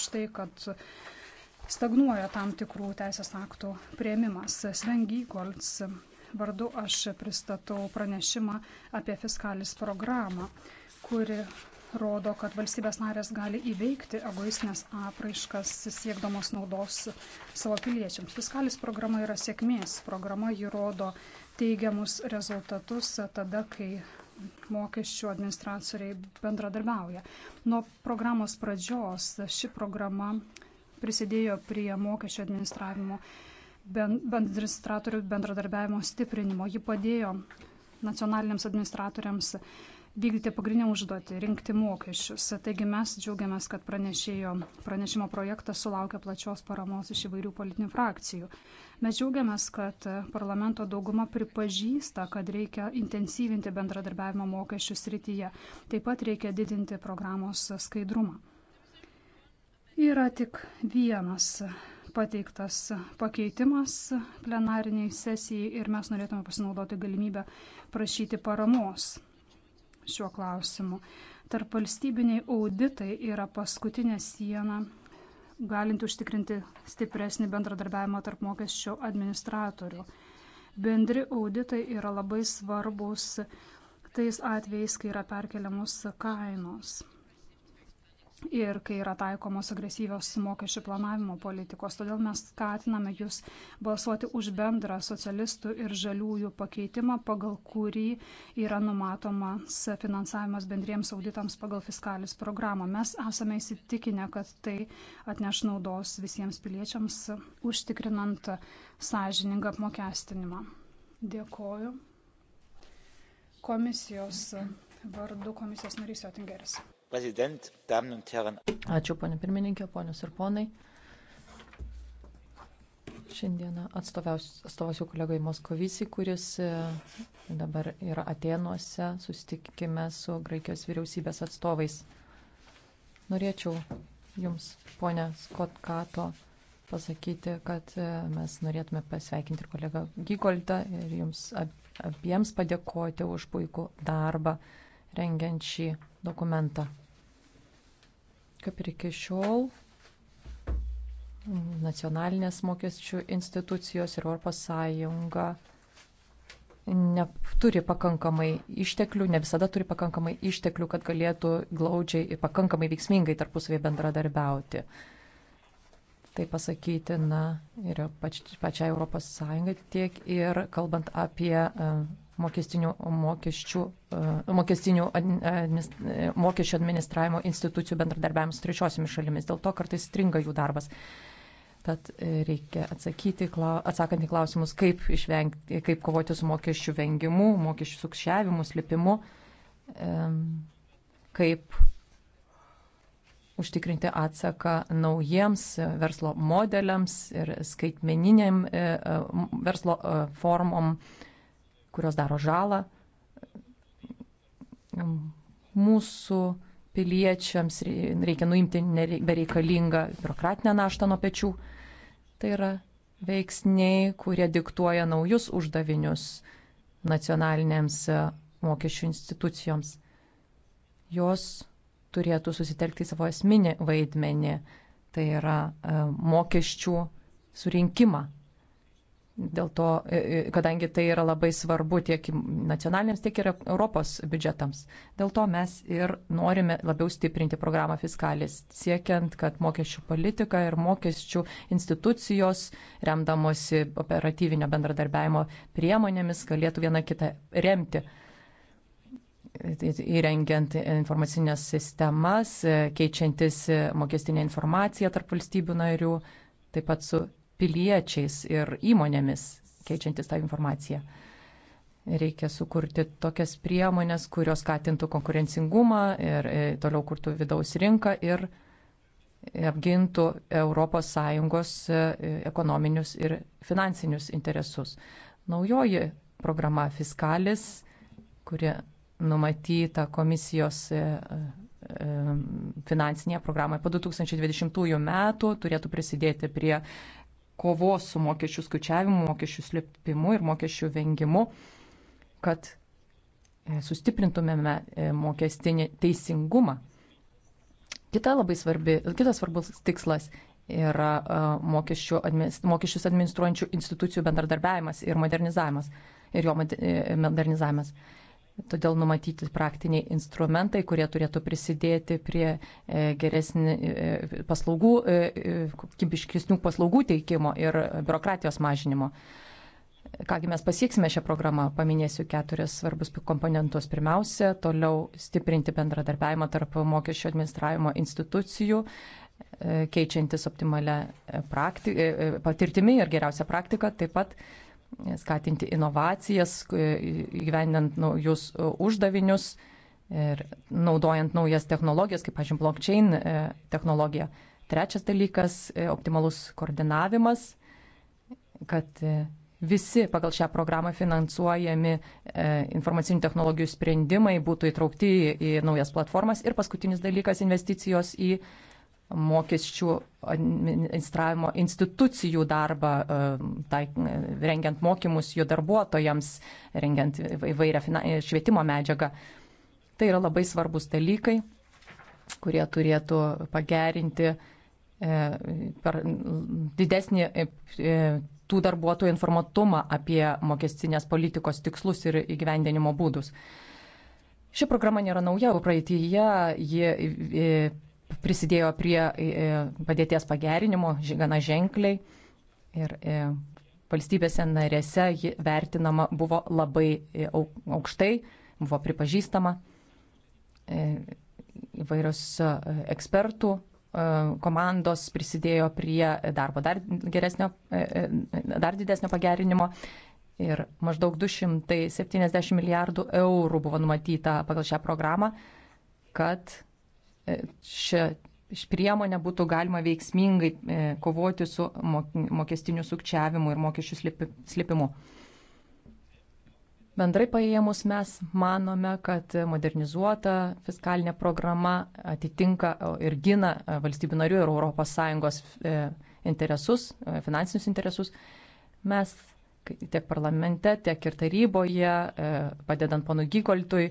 štai, kad stagnuoja tam tikrų teisės aktų prieimimas. Sven Gygolds vardu aš pristatau pranešimą apie fiskalis programą, kuri rodo, kad valstybės narės gali įveikti egoistinės apraiškas siekdamos naudos savo piliečiams. Fiskalis programa yra sėkmės programa, ji rodo teigiamus rezultatus tada, kai mokesčių administratoriai bendradarbiauja. Nuo programos pradžios ši programa prisidėjo prie mokesčių administravimo administratorių bendradarbiavimo stiprinimo. Ji padėjo nacionaliniams administratoriams vykdyti pagrindinę užduotį - rinkti mokesčius. Taigi mes džiaugiamės, kad pranešėjo, pranešimo projektas sulaukė plačios paramos iš įvairių politinių frakcijų. Mes džiaugiamės, kad parlamento dauguma pripažįsta, kad reikia intensyvinti bendradarbiavimo mokesčių srityje. Taip pat reikia didinti programos skaidrumą. Yra tik vienas pateiktas pakeitimas plenariniai sesijai ir mes norėtume pasinaudoti galimybę prašyti paramos šiuo klausimu. Tarp valstybiniai auditai yra paskutinė siena, galinti užtikrinti stipresnį bendradarbiavimą tarp mokesčio administratorių. Bendri auditai yra labai svarbus tais atvejais, kai yra perkeliamos kainos ir kai yra taikomos agresyvios mokesčių planavimo politikos. Todėl mes skatiname jūs balsuoti už bendrą socialistų ir žaliųjų pakeitimą, pagal kurį yra numatomas finansavimas bendriems auditams pagal fiskalis programą. Mes esame įsitikinę, kad tai atneš naudos visiems piliečiams, užtikrinant sąžiningą apmokestinimą. Dėkoju. Komisijos vardu komisijos narys Jotingeris. Ačiū, ponė pirmininkė, ponios ir ponai. Šiandieną atstovausiu kolegai Moskovysi, kuris e, dabar yra Atenuose, susitikime su Graikijos vyriausybės atstovais. Norėčiau Jums, ponė Skotkato, pasakyti, kad e, mes norėtume pasveikinti ir kolegą Gygoldą ir Jums abiems padėkoti už puikų darbą rengiant šį dokumentą. Kaip ir iki šiol, nacionalinės mokesčių institucijos ir ES neturi pakankamai išteklių, ne visada turi pakankamai išteklių, kad galėtų glaudžiai ir pakankamai veiksmingai tarpusavėje bendradarbiauti. Tai pasakyti, na, ir pač, pačiai ES tiek ir kalbant apie mokestinių, mokesčių, e, mokestinių e, e, mokesčių administravimo institucijų bendradarbiavimus trečiosiomis šalimis. Dėl to kartais stringa jų darbas. Tad reikia atsakyti, atsakant į klausimus, kaip, išvengti, kaip kovoti su mokesčių vengimu, mokesčių sukšiavimu, slipimu, kaip užtikrinti atsaką naujiems verslo modeliams ir skaitmeniniam verslo formom kurios daro žalą mūsų piliečiams, reikia nuimti bereikalingą biurokratinę naštą nuo pečių. Tai yra veiksniai, kurie diktuoja naujus uždavinius nacionalinėms e, mokesčių institucijoms. Jos turėtų susitelkti savo esminį vaidmenį, tai yra e, mokesčių surinkimą Dėl to, e, e, kadangi tai yra labai svarbu tiek nacionaliniams, tiek ir Europos biudžetams. Dėl to mes ir norime labiau stiprinti programą fiskalis, siekiant, kad mokesčių politika ir mokesčių institucijos, remdamosi operatyvinio bendradarbiavimo priemonėmis, galėtų viena kitą remti įrengiant informacinės sistemas, e, keičiantis mokestinę informaciją tarp valstybių narių, taip pat su piliečiais ir įmonėmis, keičiantis tą informaciją. Reikia sukurti tokias priemonės, kurios skatintų konkurencingumą ir e, toliau kurtų vidaus rinką ir apgintų ES e, ekonominius ir finansinius interesus. Naujoji programa Fiskalis, kuri numatyta komisijos e, finansinėje programoje po 2020 metų turėtų prisidėti prie kovos su mokesčių skaičiavimu, mokesčių slėpimu ir mokesčių vengimu, kad e, sustiprintumėme e, mokestinį teisingumą. Kita labai svarbi, kitas svarbus tikslas yra e, mokesčių, mokesčius administruojančių institucijų bendradarbiavimas ir modernizavimas. Ir jo modernizavimas. Todėl numatyti praktiniai instrumentai, kurie turėtų prisidėti prie e, geresnį e, paslaugų, e, kokybiškesnių paslaugų teikimo ir biurokratijos mažinimo. Kągi mes pasieksime šią programą, paminėsiu keturis svarbus komponentus. Pirmiausia, toliau stiprinti bendradarbiavimą tarp mokesčio administravimo institucijų, keičiantis optimalią patirtimi ir geriausią praktiką, taip pat skatinti inovacijas, įgyvendinant naujus e, uždavinius ir naudojant naujas technologijas, kaip, pažiūrėjau, blockchain e, technologija. Trečias dalykas - e, optimalus koordinavimas, kad visi pagal šią programą finansuojami informacinių technologijų sprendimai būtų įtraukti į naujas platformas. Ir paskutinis dalykas - investicijos į mokesčių administravimo institucijų darbą, e, tai, e, rengiant mokymus jų darbuotojams, rengiant įvairią švietimo medžiagą. Tai yra labai svarbus dalykai, kurie turėtų pagerinti e, per didesnį tų darbuotojų informatumą apie mokestinės politikos tikslus ir įgyvendinimo būdus. Ši programa nėra nauja, o praeitįje ji prisidėjo prie e, e, padėties pagerinimo gana ženkliai ir e, valstybėse narėse ji vertinama buvo labai aukštai, buvo pripažįstama įvairios ekspertų komandos prisidėjo prie darbo dar, geresnio, dar didesnio pagerinimo. Ir maždaug 270 milijardų eurų buvo numatyta pagal šią programą, kad E, šią priemonę būtų galima veiksmingai e, kovoti su mokestiniu sukčiavimu ir mokesčių slėpimu. Bendrai paėmus mes manome, kad modernizuota fiskalinė programa atitinka ir gina e, valstybių narių ir ES interesus, finansinius interesus. Mes tiek parlamente, tiek ir taryboje, padedant ponu Gygoltui,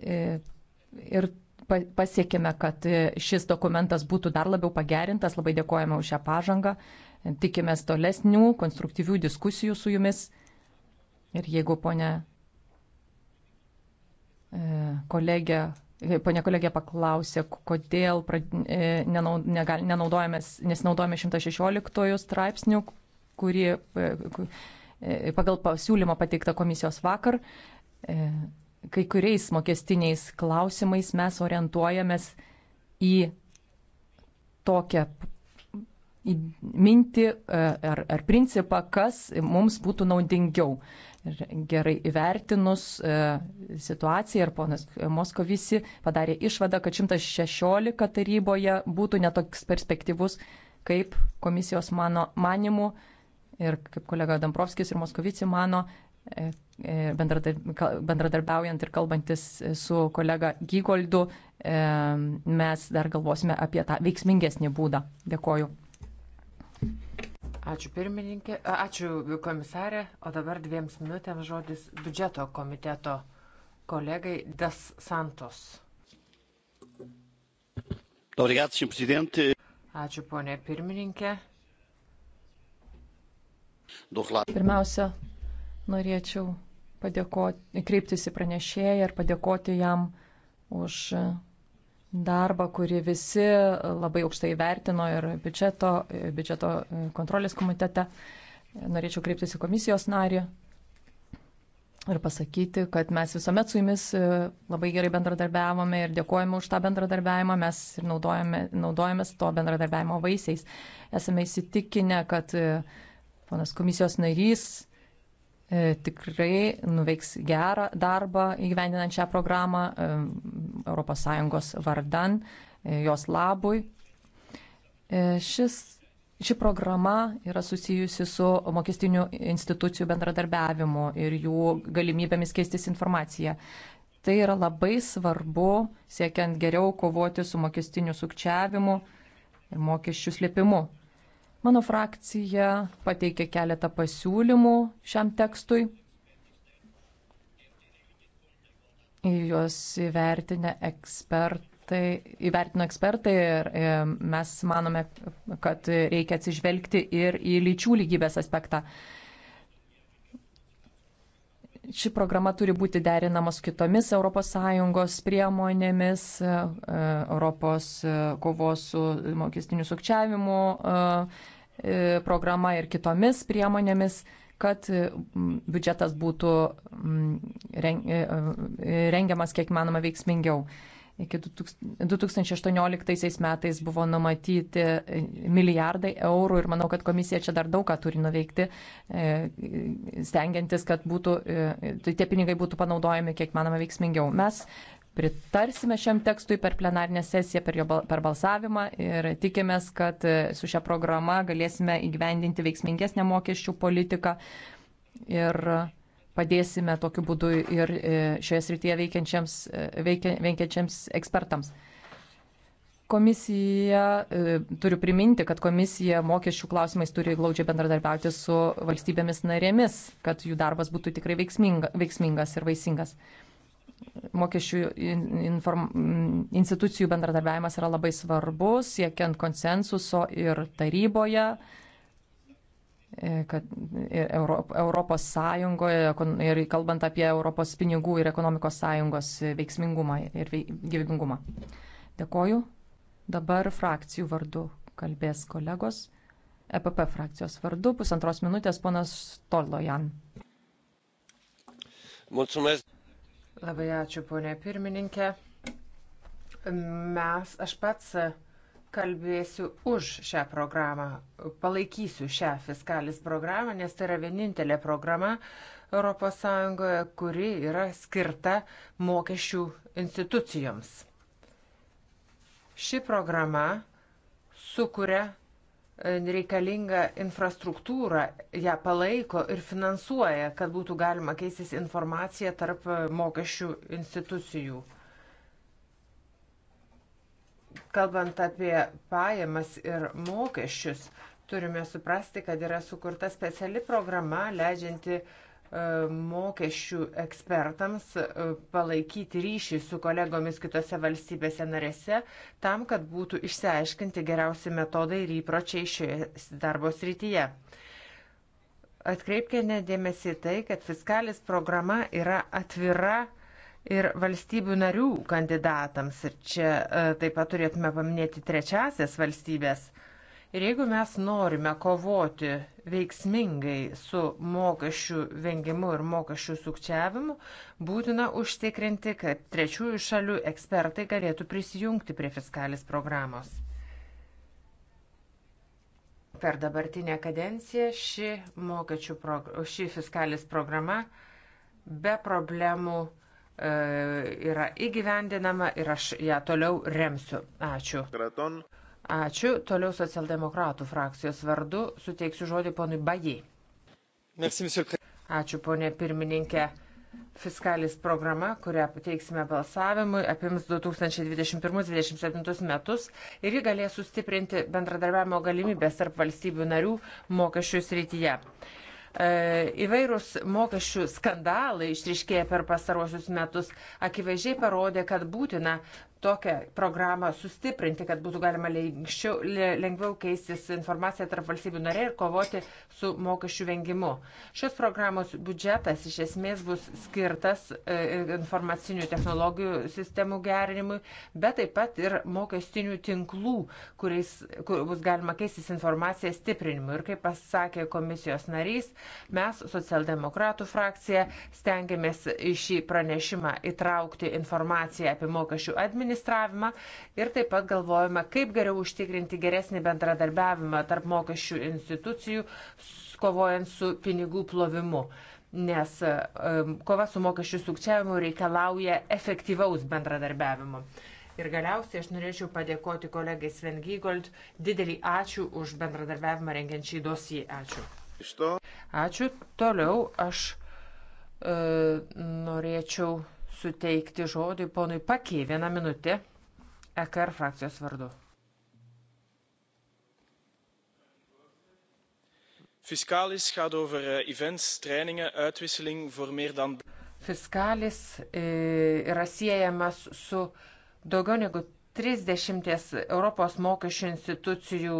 ir pasiekėme, kad e, šis dokumentas būtų dar labiau pagerintas. Labai dėkojame už šią pažangą. Tikimės tolesnių konstruktyvių diskusijų su jumis. Ir jeigu ponė e, kolegė, e, ponė kolegė paklausė, kodėl nesinaudojame 116 straipsnių, kurį pagal pasiūlymą pateiktą komisijos vakar, kai kuriais mokestiniais klausimais mes orientuojamės į tokią į mintį e, ar, ar principą, kas mums būtų naudingiau. Ir gerai įvertinus e, situaciją ir ponas Moskovisi padarė išvadą, kad 116 taryboje būtų netoks perspektyvus, kaip komisijos mano manimu ir kaip kolega Damprovskis ir Moskovici mano, E, bendradarbiaujant ir kalbantis su kolega Gygoldu, e, mes dar galvosime apie tą veiksmingesnį būdą. Dėkoju. Ačiū pirmininkė, ačiū komisarė, o dabar dviems minutėms žodis biudžeto komiteto kolegai Das Santos. Ačiū, prezidentė. Ačiū, ponė pirmininkė. Pirmiausia, Norėčiau padėkoti, kreiptis į pranešėją ir padėkoti jam už darbą, kurį visi labai aukštai vertino ir biudžeto, biudžeto kontrolės komitete. Norėčiau kreiptis į komisijos narį ir pasakyti, kad mes visuomet su jumis e, labai gerai bendradarbiavome ir dėkojame už tą bendradarbiavimą, mes ir naudojame, naudojame to bendradarbiavimo vaisiais. Esame įsitikinę, kad e, ponas komisijos narys E, tikrai nuveiks gerą darbą įgyvendinant šią programą ES vardan, e, jos labui. E, šis, ši programa yra susijusi su mokestinių institucijų bendradarbiavimu ir jų galimybėmis keistis informaciją. Tai yra labai svarbu, siekiant geriau kovoti su mokestiniu sukčiavimu ir mokesčių slėpimu. Mano frakcija pateikė keletą pasiūlymų šiam tekstui. Juos įvertinę ekspertų tai įvertino ekspertai ir e, mes manome, kad reikia atsižvelgti ir į lyčių lygybės aspektą. Ši programa turi būti derinama su kitomis ES priemonėmis, e, Europos e, kovos su mokestiniu sukčiavimu E, programa ir kitomis priemonėmis, kad e, biudžetas būtų e, rengiamas kiek manoma veiksmingiau. Iki 2018 metais buvo numatyti milijardai eurų ir manau, kad komisija čia dar daug ką turi nuveikti, stengiantis, kad būtų, tai tie pinigai būtų panaudojami kiek manoma veiksmingiau. Mes pritarsime šiam tekstui per plenarinę sesiją, per, jo, per balsavimą ir tikimės, kad e, su šia programa galėsime įgyvendinti veiksmingesnę mokesčių politiką ir padėsime tokiu būdu ir e, šioje srityje veikiančiams, e, veikia, veikiančiams ekspertams. Komisija, turiu priminti, kad komisija mokesčių klausimais turi glaudžiai bendradarbiauti su valstybėmis narėmis, kad jų darbas būtų tikrai veiksminga, veiksmingas ir vaisingas mokesčių inform, institucijų bendradarbiavimas yra labai svarbus, siekiant konsensuso ir taryboje, e, kad ir e, Europos Sąjungoje ir kalbant apie Europos pinigų ir ekonomikos sąjungos veiksmingumą ir gyvybingumą. Dėkoju. Dabar frakcijų vardu kalbės kolegos. EPP frakcijos vardu pusantros minutės ponas Tolojan. Mulțumesc. Labai ačiū, ponė pirmininkė. Mes, aš pats kalbėsiu už šią programą, palaikysiu šią fiskalis programą, nes tai yra vienintelė programa ES, kuri yra skirta mokesčių institucijoms. Ši programa sukuria reikalingą infrastruktūrą, ją palaiko ir finansuoja, kad būtų galima keistis informacija tarp mokesčių institucijų. Kalbant apie pajamas ir mokesčius, turime suprasti, kad yra sukurta speciali programa leidžianti uh, mokesčių ekspertams e, palaikyti ryšį su kolegomis kitose valstybėse narėse, tam, kad būtų išsiaiškinti geriausi metodai ir įpročiai šioje darbo srityje. Atkreipkime dėmesį tai, kad fiskalis programa yra atvira ir valstybių narių kandidatams. Ir čia e, taip pat turėtume paminėti trečiasias valstybės Ir jeigu mes norime kovoti veiksmingai su mokesčių vengimu ir mokesčių sukčiavimu, būtina užtikrinti, kad trečiųjų šalių ekspertai galėtų prisijungti prie fiskalis programos. Per dabartinę kadenciją ši, prog ši fiskalis programa be problemų e, yra įgyvendinama ir aš ją toliau remsiu. Ačiū. Kraton. Ačiū. Toliau socialdemokratų frakcijos vardu suteiksiu žodį ponui Bajai. Ačiū, ponė pirmininkė. Fiskalis programa, kurią pateiksime balsavimui, apims 2021-2027 metus ir ji galės sustiprinti bendradarbiavimo galimybės tarp valstybių narių mokesčių srityje. E, įvairūs mokesčių skandalai išriškėję per pastaruosius metus akivaizdžiai parodė, kad būtina tokią programą sustiprinti, kad būtų galima lengščiau, lengviau keistis informaciją tarp valstybių nariai ir kovoti su mokesčių vengimu. Šios programos biudžetas iš esmės bus skirtas e, informacinių technologijų sistemų gerinimui, bet taip pat ir mokestinių tinklų, kuriais kur bus galima keistis informaciją stiprinimui. Ir kaip pasakė komisijos narys, mes, socialdemokratų frakcija, stengiamės į šį pranešimą įtraukti informaciją apie mokesčių administraciją administravimą ir taip pat galvojame, kaip geriau užtikrinti geresnį bendradarbiavimą tarp mokesčių institucijų, kovojant su pinigų plovimu. Nes kova su mokesčių sukčiavimu reikalauja efektyvaus bendradarbiavimo. Ir galiausiai aš norėčiau padėkoti kolegai Sven Gygold. Didelį ačiū už bendradarbiavimą rengiant šį dosiją. Ačiū. Iš to. Ačiū. Toliau aš e, norėčiau suteikti žodį ponui Pakį vieną minutę EKR frakcijos vardu. Fiscalis gaat over eh, events, trainingen, uitwisseling voor meer dan. Fiscalis eh, yra siejamas su daugiau negu 30 Europos mokesčių institucijų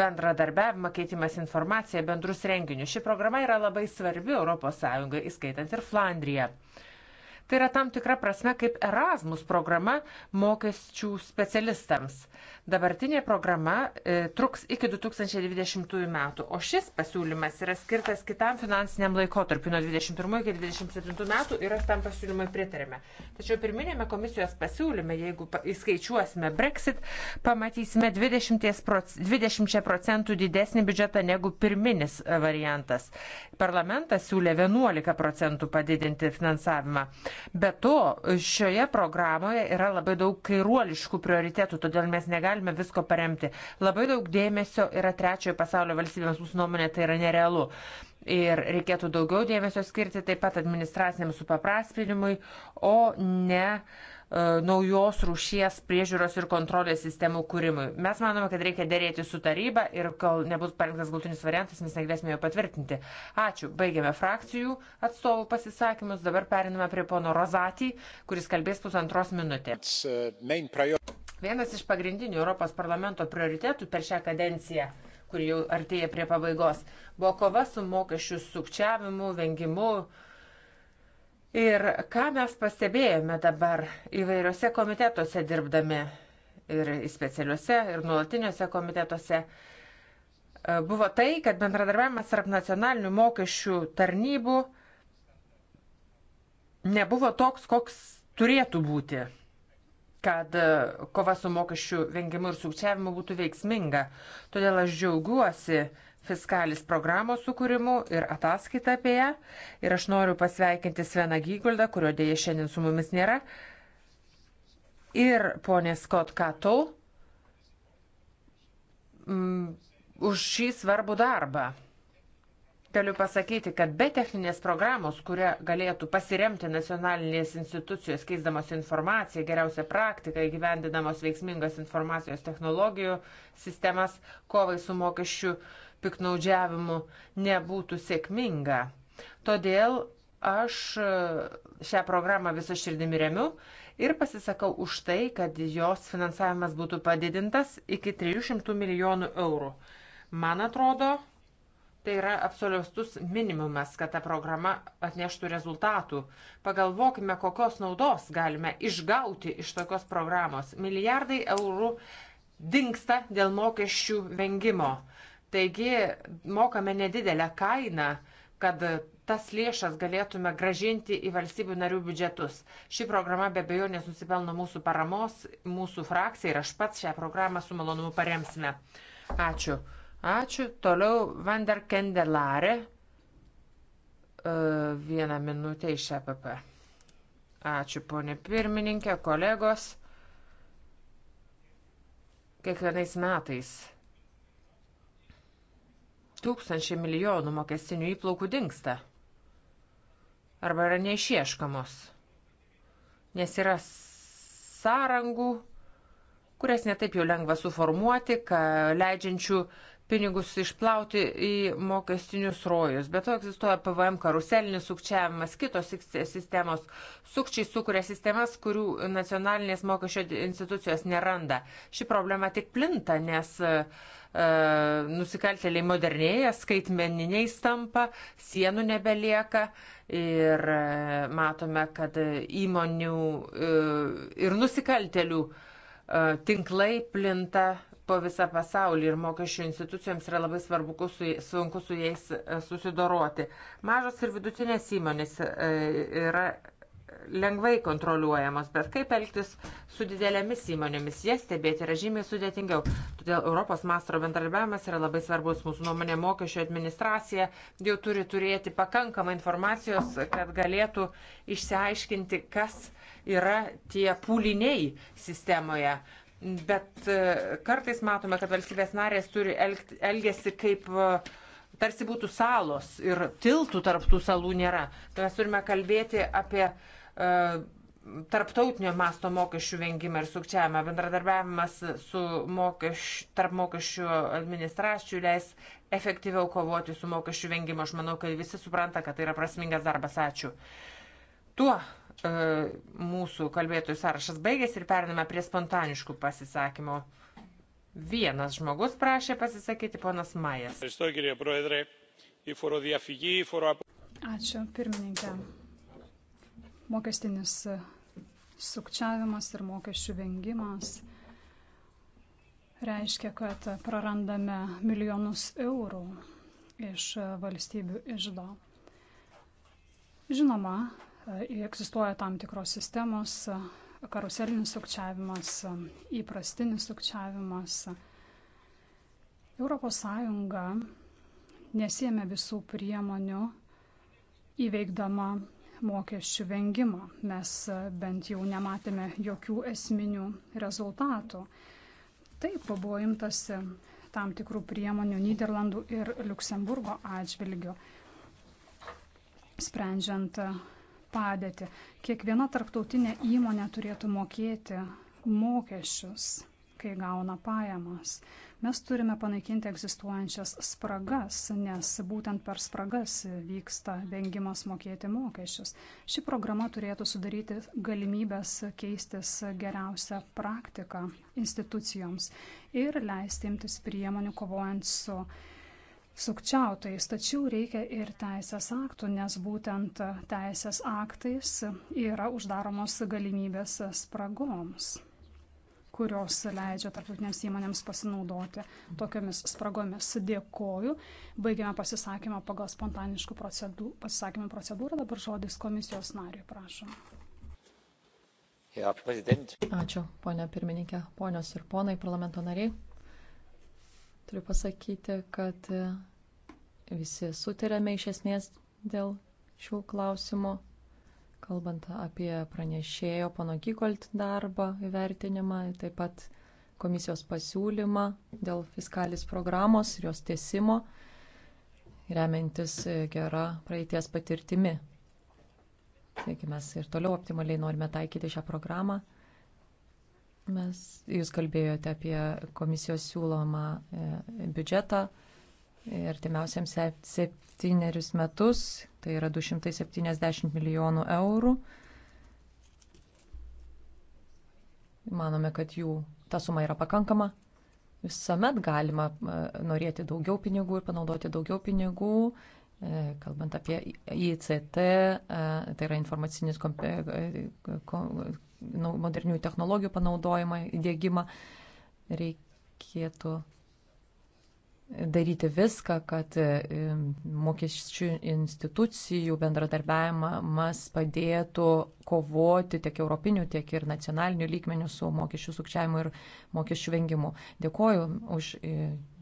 bendradarbiavimą, keitimas informacija, bendrus renginius. Ši programa yra labai svarbi ES, įskaitant ir Flandriją. Tai yra tam tikra prasme kaip Erasmus programa mokesčių specialistams. Dabartinė programa e, truks iki 2020 metų, o šis pasiūlymas yra skirtas kitam finansiniam laikotarpiu nuo 21 iki 27 metų ir aš tam pasiūlymui pritarėme. Tačiau pirminėme komisijos pasiūlyme, jeigu įskaičiuosime Brexit, pamatysime 20, proc 20 procentų didesnį biudžetą negu pirminis e, variantas. Parlamentas siūlė 11 procentų padidinti finansavimą. Be to, šioje programoje yra labai daug kairuoliškų prioritetų, todėl mes negalime visko paremti. Labai daug dėmesio yra trečiojo pasaulio valstybėms, mūsų nuomonė tai yra nerealu. Ir reikėtų daugiau dėmesio skirti taip pat administraciniam supaprastinimui, o ne uh, E, naujos rūšies priežiūros ir kontrolės sistemų kūrimui. Mes manome, kad reikia dėrėti su taryba ir kol nebus parengtas galtinis variantas, mes negalėsime jo patvirtinti. Ačiū. Baigėme frakcijų atstovų pasisakymus. Dabar periname prie pono Rozatį, kuris kalbės pusantros minutės. Uh, Vienas iš pagrindinių Europos parlamento prioritetų per šią kadenciją kuri jau artėja prie pabaigos, buvo kova su mokesčių sukčiavimu, vengimu, uh, Ir ką mes pastebėjome dabar įvairiose komitetuose dirbdami ir specialiuose, ir nuolatiniuose komitetuose, e, buvo tai, kad bendradarbiavimas tarp nacionalinių mokesčių tarnybų nebuvo toks, koks turėtų būti, kad e, kova su mokesčių vengimu ir sukčiavimu būtų veiksminga. Todėl aš džiaugiuosi, fiskalis programos sukūrimu ir ataskaita apie ją. Ir aš noriu pasveikinti Sveną Gyguldą, kurio dėja šiandien su mumis nėra. Ir ponė Scott Katol mm, už šį svarbų darbą. Galiu pasakyti, kad be techninės programos, kuria galėtų pasiremti nacionalinės institucijos, keisdamos informaciją, geriausią praktiką, įgyvendinamos veiksmingas informacijos technologijų sistemas, kovai su mokesčių uh, piknaudžiavimu nebūtų sėkminga. Todėl aš šią programą visą širdimi remiu ir pasisakau už tai, kad jos finansavimas būtų padidintas iki 300 milijonų eurų. Man atrodo, tai yra absoliutus minimumas, kad ta programa atneštų rezultatų. Pagalvokime, kokios naudos galime išgauti iš tokios programos. Milijardai eurų dinksta dėl mokesčių vengimo. Taigi mokame nedidelę kainą, kad tas lėšas galėtume gražinti į valstybių narių biudžetus. Ši programa be abejonės nusipelno mūsų paramos, mūsų frakcija ir aš pats šią programą su malonumu paremsime. Ačiū. Ačiū. Toliau Vander Kendelare. E, vieną minutę iš EPP. Ačiū, ponė pirmininkė, kolegos. Kiekvienais metais tūkstančiai milijonų mokestinių įplaukų dinksta arba yra neišieškamos, nes yra sąrangų, kurias netaip jau lengva suformuoti, leidžiančių pinigus išplauti į mokestinius rojus. Bet to egzistuoja PVM karuselinis sukčiavimas, kitos sistemos. Sukčiai sukuria sistemas, kurių nacionalinės mokesčio institucijos neranda. Ši problema tik plinta, nes e, nusikaltėliai modernėja, skaitmeniniai tampa, sienų nebelieka ir e, matome, kad įmonių e, ir nusikaltėlių e, tinklai plinta po visą pasaulį ir mokesčių institucijoms yra labai svarbu, su, sunku su jais e, susidoroti. Mažos ir vidutinės įmonės e, yra lengvai kontroliuojamos, bet kaip elgtis su didelėmis įmonėmis, jas stebėti yra žymiai sudėtingiau. Todėl Europos mastro bendradarbiavimas yra labai svarbus. Mūsų nuomonė mokesčio administracija jau turi turėti pakankamą informacijos, kad galėtų išsiaiškinti, kas yra tie pūliniai sistemoje. Bet e, kartais matome, kad valstybės narės turi elgti, elgesi kaip e, tarsi būtų salos ir tiltų tarptų salų nėra. Tai mes turime kalbėti apie uh, tarptautinio masto mokesčių vengimą ir sukčiavimą. Bendradarbiavimas su mokeš, tarp mokesčių administracijų leis efektyviau kovoti su mokesčių vengimu. Aš manau, kad visi supranta, kad tai yra prasmingas darbas. Ačiū. Tuo E, mūsų kalbėtojų sąrašas baigėsi ir periname prie spontaniškų pasisakymų. Vienas žmogus prašė pasisakyti, ponas Majas. Ačiū, pirmininkė. Mokestinis sukčiavimas ir mokesčių vengimas reiškia, kad prarandame milijonus eurų iš valstybių išdo. Žinoma, egzistuoja tam tikros sistemos, karuselinis sukčiavimas, įprastinis sukčiavimas. ES nesėmė visų priemonių įveikdama mokesčių vengimą. Mes bent jau nematėme jokių esminių rezultatų. Taip buvo imtasi tam tikrų priemonių Niderlandų ir Luksemburgo atžvilgių, sprendžiant padėtį. Kiekviena tarptautinė įmonė turėtų mokėti mokesčius, kai gauna pajamas. Mes turime panaikinti egzistuojančias spragas, nes būtent per spragas vyksta vengimas mokėti mokesčius. Ši programa turėtų sudaryti galimybės keistis geriausią praktiką institucijoms ir leisti imtis priemonių kovojant su sukčiautojais, tačiau reikia ir teisės aktų, nes būtent teisės aktais yra uždaromos galimybės spragoms, kurios leidžia tarptautinėms įmonėms pasinaudoti tokiamis spragomis. Dėkoju. Baigiame pasisakymą pagal spontaniškų procedū, pasisakymų procedūrą. Dabar žodis komisijos nariui, prašom. Ačiū, ponia pirmininkė, ponios ir ponai, parlamento nariai. Turiu pasakyti, kad e, visi sutarėme iš esmės dėl šių klausimų, kalbant apie pranešėjo pono Gygolt darbą įvertinimą, taip pat komisijos pasiūlymą dėl fiskalis programos ir jos tiesimo, remiantis e, gera praeities patirtimi. Taigi mes ir toliau optimaliai norime taikyti šią programą. Mes, jūs kalbėjote apie komisijos siūlomą e, biudžetą e, artimiausiams septynerius metus, tai yra 270 milijonų eurų. Manome, kad jų ta suma yra pakankama. Visuomet galima e, norėti daugiau pinigų ir panaudoti daugiau pinigų, kalbant apie ICT, tai yra informacinis komp modernių technologijų panaudojimą, įdėgymą. Reikėtų daryti viską, kad e, mokesčių institucijų bendradarbiavimas padėtų kovoti tiek europinių, tiek ir nacionalinių lygmenių su mokesčių sukčiavimu ir mokesčių vengimu. Dėkoju už e,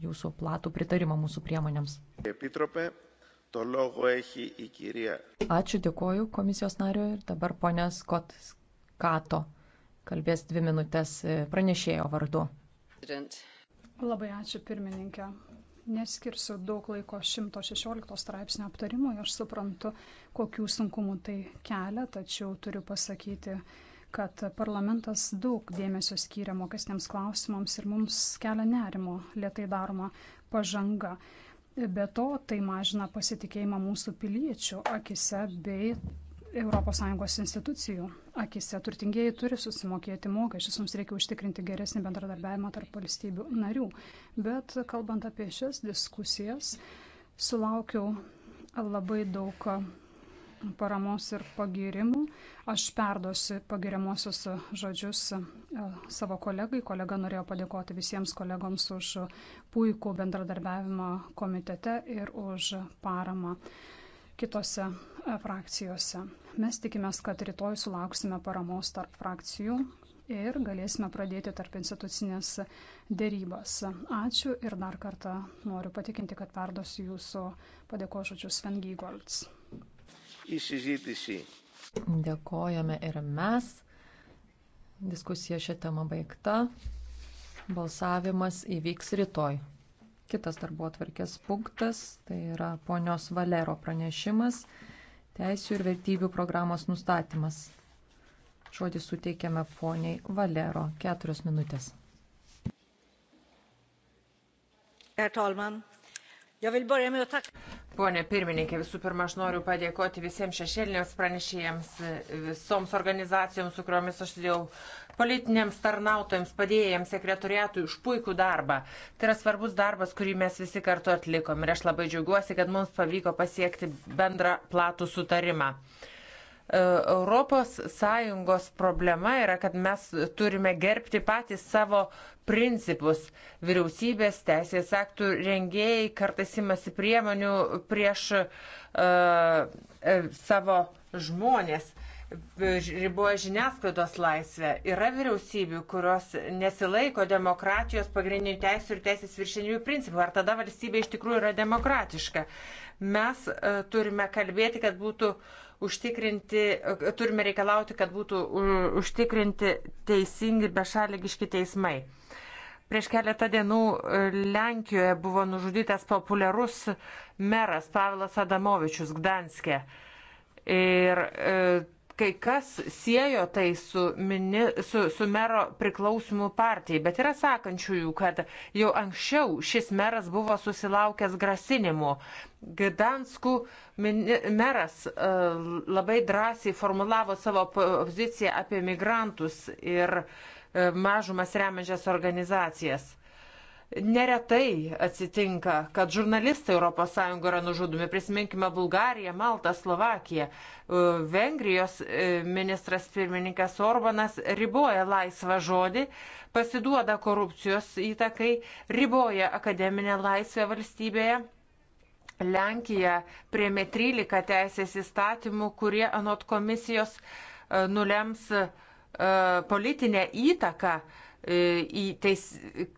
jūsų platų pritarimą mūsų priemonėms. Epitropė. Ačiū, dėkoju komisijos nariu ir dabar ponės Skot Kato kalbės dvi minutės e, pranešėjo vardu. Labai ačiū pirmininkė. Neskirsiu daug laiko 116 straipsnio aptarimui, aš suprantu, kokių sunkumų tai kelia, tačiau turiu pasakyti, kad parlamentas daug dėmesio skyrė mokesniams klausimams ir mums kelia nerimo lietai daroma pažanga. Be to, tai mažina pasitikėjimą mūsų piliečių akise bei ES institucijų akise turtingieji turi susimokėti mokesčius, mums reikia užtikrinti geresnį bendradarbiavimą tarp valstybių narių. Bet kalbant apie šias diskusijas, sulaukiau labai daug paramos ir pagirimų. Aš perduosiu pagiriamosius žodžius e, savo kolegai. Kolega norėjo padėkoti visiems kolegoms už puikų bendradarbiavimą komitete ir už paramą kitose e, frakcijose. Mes tikimės, kad rytoj sulauksime paramos tarp frakcijų ir galėsime pradėti tarp institucinės dėrybas. Ačiū ir dar kartą noriu patikinti, kad perdosiu jūsų padėkožodžius Sven Gygolds. Dėkojame ir mes. Diskusija šią temą baigta. Balsavimas įvyks rytoj. Kitas darbo atvarkės punktas tai yra ponios Valero pranešimas - teisų ir vertybių programos nustatymas. Žodį suteikiame poniai Valero. Keturios minutės. Herr talman! Jag vill börja med att tacka Pone pirmininkė, visų pirma, aš noriu padėkoti visiems šešėliniams pranešėjams, visoms organizacijoms, su kuriomis aš jau politiniams tarnautojams, padėjėjams, sekretoriatui už puikų darbą. Tai yra svarbus darbas, kurį mes visi kartu atlikom ir aš labai džiaugiuosi, kad mums pavyko pasiekti bendrą platų sutarimą. Uh, ES problema yra, kad mes turime gerbti patys savo principus. Vyriausybės teisės aktų rengėjai kartais imasi priemonių prieš uh, savo žmonės riboja žiniasklaidos laisvę. Yra vyriausybių, kurios nesilaiko demokratijos pagrindinių teisų ir teisės viršinių principų. Ar tada valstybė iš tikrųjų yra demokratiška? Mes uh, turime kalbėti, kad būtų uh, užtikrinti, turime reikalauti, kad būtų užtikrinti teisingi ir bešaligiški teismai. Prieš keletą dienų e, Lenkijoje buvo nužudytas populiarus meras Pavlas Adamovičius Gdanskė. Ir e, kai kas siejo tai su, mini, su, su mero priklausimu partijai, bet yra sakančiųjų, kad jau anksčiau šis meras buvo susilaukęs grasinimų. Gdanskų meras e, labai drąsiai formulavo savo poziciją apie migrantus ir e, mažumas remiančias organizacijas. Neretai atsitinka, kad žurnalistai ES yra nužudomi. Prisiminkime Bulgariją, Maltą, Slovakiją. E, Vengrijos e, ministras pirmininkas Orbanas riboja laisvą žodį, pasiduoda korupcijos įtakai, riboja akademinę laisvę valstybėje. Lenkija priemė 13 teisės įstatymų, kurie anot komisijos e, nulems politinę įtaką uh, E, į teis,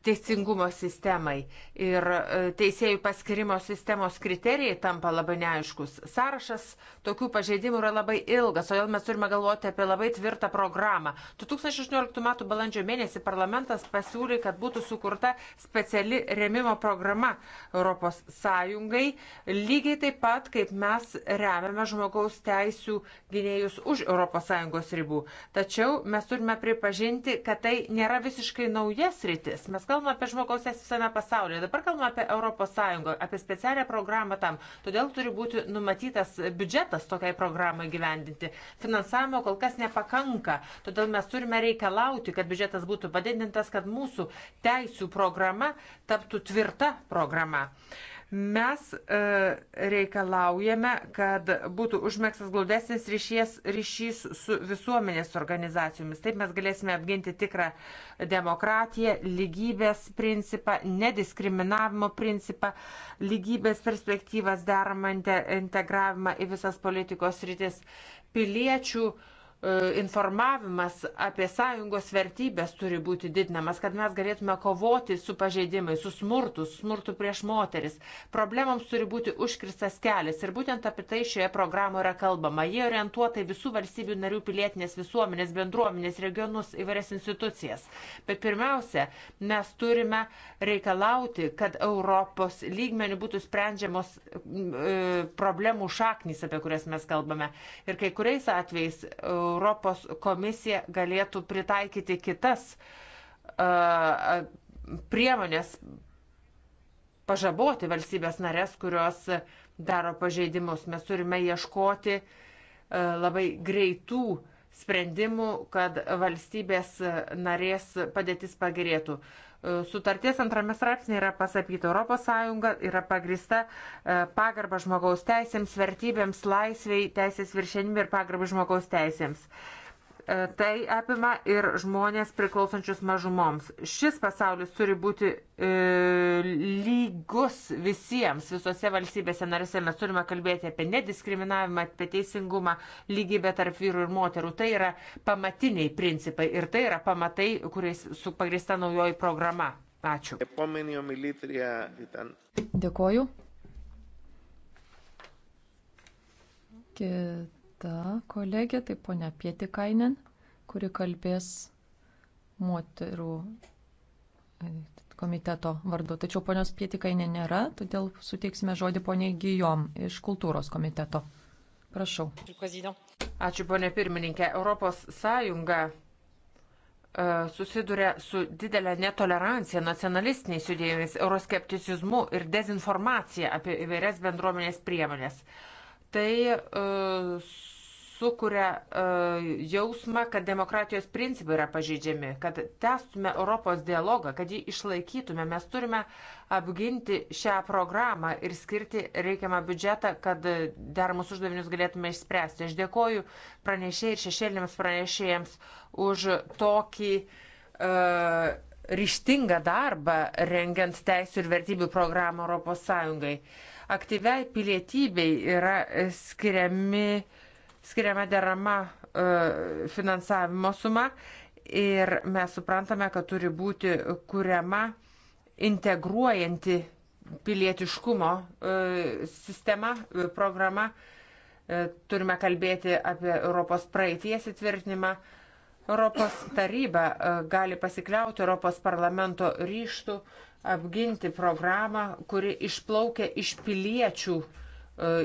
teisingumo sistemai. Ir e, teisėjų paskirimo sistemos kriterijai tampa labai neaiškus. Sąrašas tokių pažeidimų yra labai ilgas, todėl mes turime galvoti apie labai tvirtą programą. 2018 m. balandžio mėnesį parlamentas pasiūlė, kad būtų sukurta speciali remimo programa Europos Sąjungai, lygiai taip pat, kaip mes remiame žmogaus teisų gynėjus už Europos Sąjungos ribų. Tačiau mes turime pripažinti, kad tai nėra visiškai visiškai naujas rytis. Mes kalbame apie žmogaus teisės visame pasaulyje, dabar kalbame apie ES, apie specialią programą tam. Todėl turi būti numatytas biudžetas tokiai programai gyvendinti. Finansavimo kol kas nepakanka, todėl mes turime reikalauti, kad biudžetas būtų padidintas, kad mūsų teisų programa taptų tvirta programa. Uh, Mes e, reikalaujame, kad būtų užmėgstas glaudesnis ryšies, ryšys su visuomenės organizacijomis. Taip mes galėsime apginti tikrą demokratiją, lygybės principą, nediskriminavimo principą, lygybės perspektyvas deramą integravimą į visas politikos rytis piliečių. E, E, informavimas apie sąjungos vertybės turi būti didinamas, kad mes galėtume kovoti su pažeidimais, su smurtu, su smurtu prieš moteris. Problemams turi būti užkristas kelias ir būtent apie tai šioje programoje yra kalbama. Jie orientuota į visų valstybių narių pilietinės visuomenės, bendruomenės, regionus, įvairias institucijas. Bet pirmiausia, mes turime reikalauti, kad Europos lygmenių būtų sprendžiamos e, problemų šaknys, apie kurias mes kalbame. Ir kai kuriais atvejais e, Europos komisija galėtų pritaikyti kitas uh, priemonės pažaboti valstybės narės, kurios daro pažeidimus. Mes turime ieškoti uh, labai greitų sprendimų, kad valstybės narės padėtis pagerėtų. Uh, Sutarties antrame straipsnėje yra pasakyta, ES yra pagrista e, pagarba žmogaus teisėms, vertybėms, laisviai, teisės viršenimui ir pagarbai žmogaus teisėms. E, tai apima ir žmonės priklausančius mažumoms. Šis pasaulis turi būti e, lygus visiems, visose valstybėse narėse. Mes turime kalbėti apie nediskriminavimą, apie teisingumą, lygybę tarp vyrų ir moterų. Tai yra pamatiniai principai ir tai yra pamatai, kuriais pagrįsta naujoji programa. Ačiū. Dėkoju. Kit kita kolegė, tai ponia Pietikainen, kuri kalbės moterų e, komiteto vardu. Tačiau ponios Pietikainė nėra, todėl suteiksime žodį poniai Gijom iš kultūros komiteto. Prašau. Ačiū, ponė pirmininkė. Europos Sąjunga e, susiduria su didelė netolerancija, nacionalistiniais judėjimais, euroskepticizmu ir dezinformacija apie įvairias bendruomenės priemonės. Tai uh, sukuria uh, jausmą, kad demokratijos principai yra pažeidžiami, kad testume Europos dialogą, kad jį išlaikytume. Mes turime apginti šią programą ir skirti reikiamą biudžetą, kad dar mūsų uždavinius galėtume išspręsti. Aš dėkoju pranešėjai ir šešėlėms pranešėjams už tokį uh, ryštingą darbą rengiant teisų ir vertybių programą ES. Aktyviai pilietybei yra skiriami uh, skiriama derama e, finansavimo suma ir mes suprantame, kad turi būti kuriama integruojanti pilietiškumo e, sistema, e, programa. Turime kalbėti apie Europos praeities įtvirtinimą. Europos taryba gali pasikliauti Europos parlamento ryštų apginti programą, kuri išplaukia iš piliečių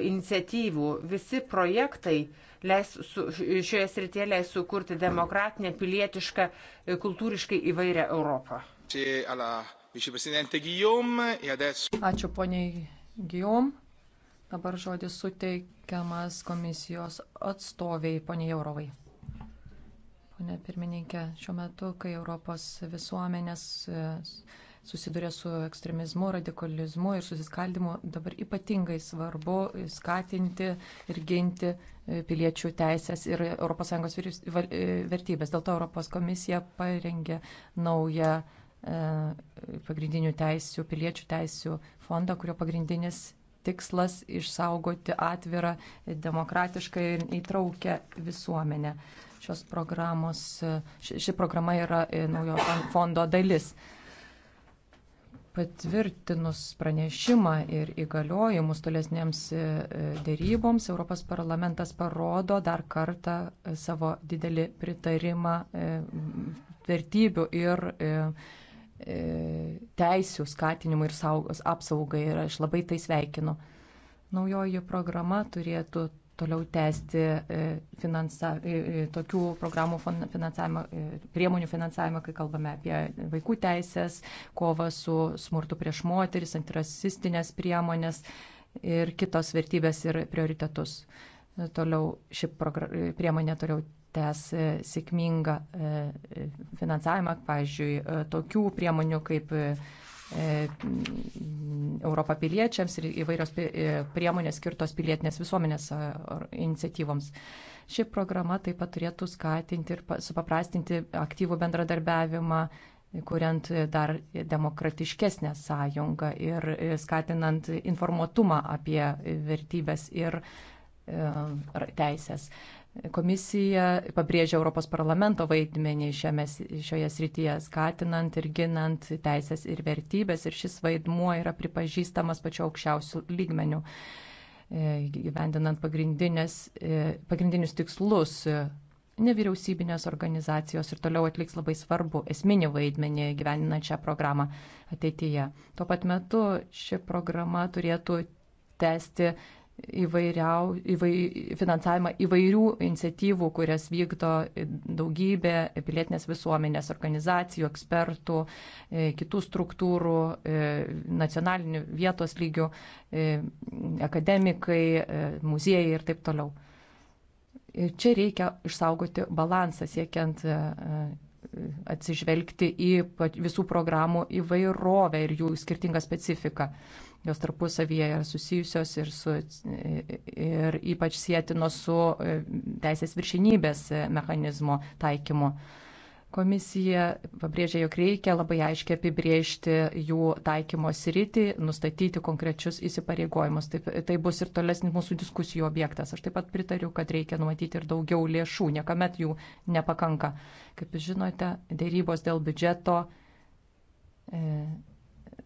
iniciatyvų. Visi projektai uh, leis su, šioje srityje leis sukurti demokratinę, pilietišką, kultūriškai įvairią Europą. E Ačiū poniai Gijom. Dabar žodis suteikiamas komisijos atstoviai, poniai Eurovai. Pone pirmininkė, šiuo metu, kai Europos visuomenės susiduria su ekstremizmu, radikalizmu ir susiskaldimu, dabar ypatingai svarbu skatinti ir ginti e, piliečių teisės ir ES e, vertybės. Dėl to ES komisija parengė naują e, pagrindinių teisių, piliečių teisių fondą, kurio pagrindinis tikslas išsaugoti atvirą, demokratišką ir įtraukę visuomenę. Šios programos, ši programa yra naujo fondo dalis. Patvirtinus pranešimą ir įgaliojimus tolesnėms e, e, dėryboms, Europos parlamentas parodo dar kartą e, savo didelį pritarimą vertybių ir teisių skatinimui ir saugos apsaugai ir aš labai tai sveikinu. Naujoji programa turėtų toliau tęsti e, finansa, e, e, tokių programų finansavimą, priemonių finansavimą, kai kalbame apie vaikų teisės, kovą su smurtu prieš moteris, antirasistinės priemonės ir kitos vertybės ir prioritetus. Toliau ši priemonė toliau tęs sėkmingą finansavimą, pavyzdžiui, tokių priemonių kaip E, Europą piliečiams ir įvairios e, priemonės skirtos pilietinės visuomenės iniciatyvoms. Ši programa taip pat turėtų skatinti ir supaprastinti aktyvų bendradarbiavimą kuriant dar demokratiškesnę sąjungą ir e, skatinant informuotumą apie vertybės ir teisės. Komisija pabrėžia Europos parlamento vaidmenį šiame, šioje srityje, skatinant ir ginant teisės ir vertybės, ir šis vaidmuo yra pripažįstamas pačiu aukščiausiu lygmeniu, e, gyvendinant e, pagrindinius tikslus. Nevyriausybinės organizacijos ir toliau atliks labai svarbu esminį vaidmenį gyveninant šią programą ateityje. Tuo pat metu ši programa turėtų tęsti įvairiau, įvai, finansavimą įvairių iniciatyvų, kurias vykdo daugybė pilietinės visuomenės organizacijų, ekspertų, e, kitų struktūrų, e, nacionalinių vietos lygių, e, akademikai, muziejai ir taip toliau. Ir čia reikia išsaugoti balansą siekiant atsižvelgti į visų programų įvairovę ir jų skirtingą specifiką. Jos tarpusavyje yra susijusios ir, su, ir ypač sėtino su e, teisės viršinybės e, mechanizmo taikymu. Komisija pabrėžia, jog reikia labai aiškiai apibriežti jų taikymo sritį, nustatyti konkrečius įsipareigojimus. Taip, tai bus ir tolesnis mūsų diskusijų objektas. Aš taip pat pritariu, kad reikia numatyti ir daugiau lėšų, niekuomet jų nepakanka. Kaip žinote, dėrybos dėl biudžeto e,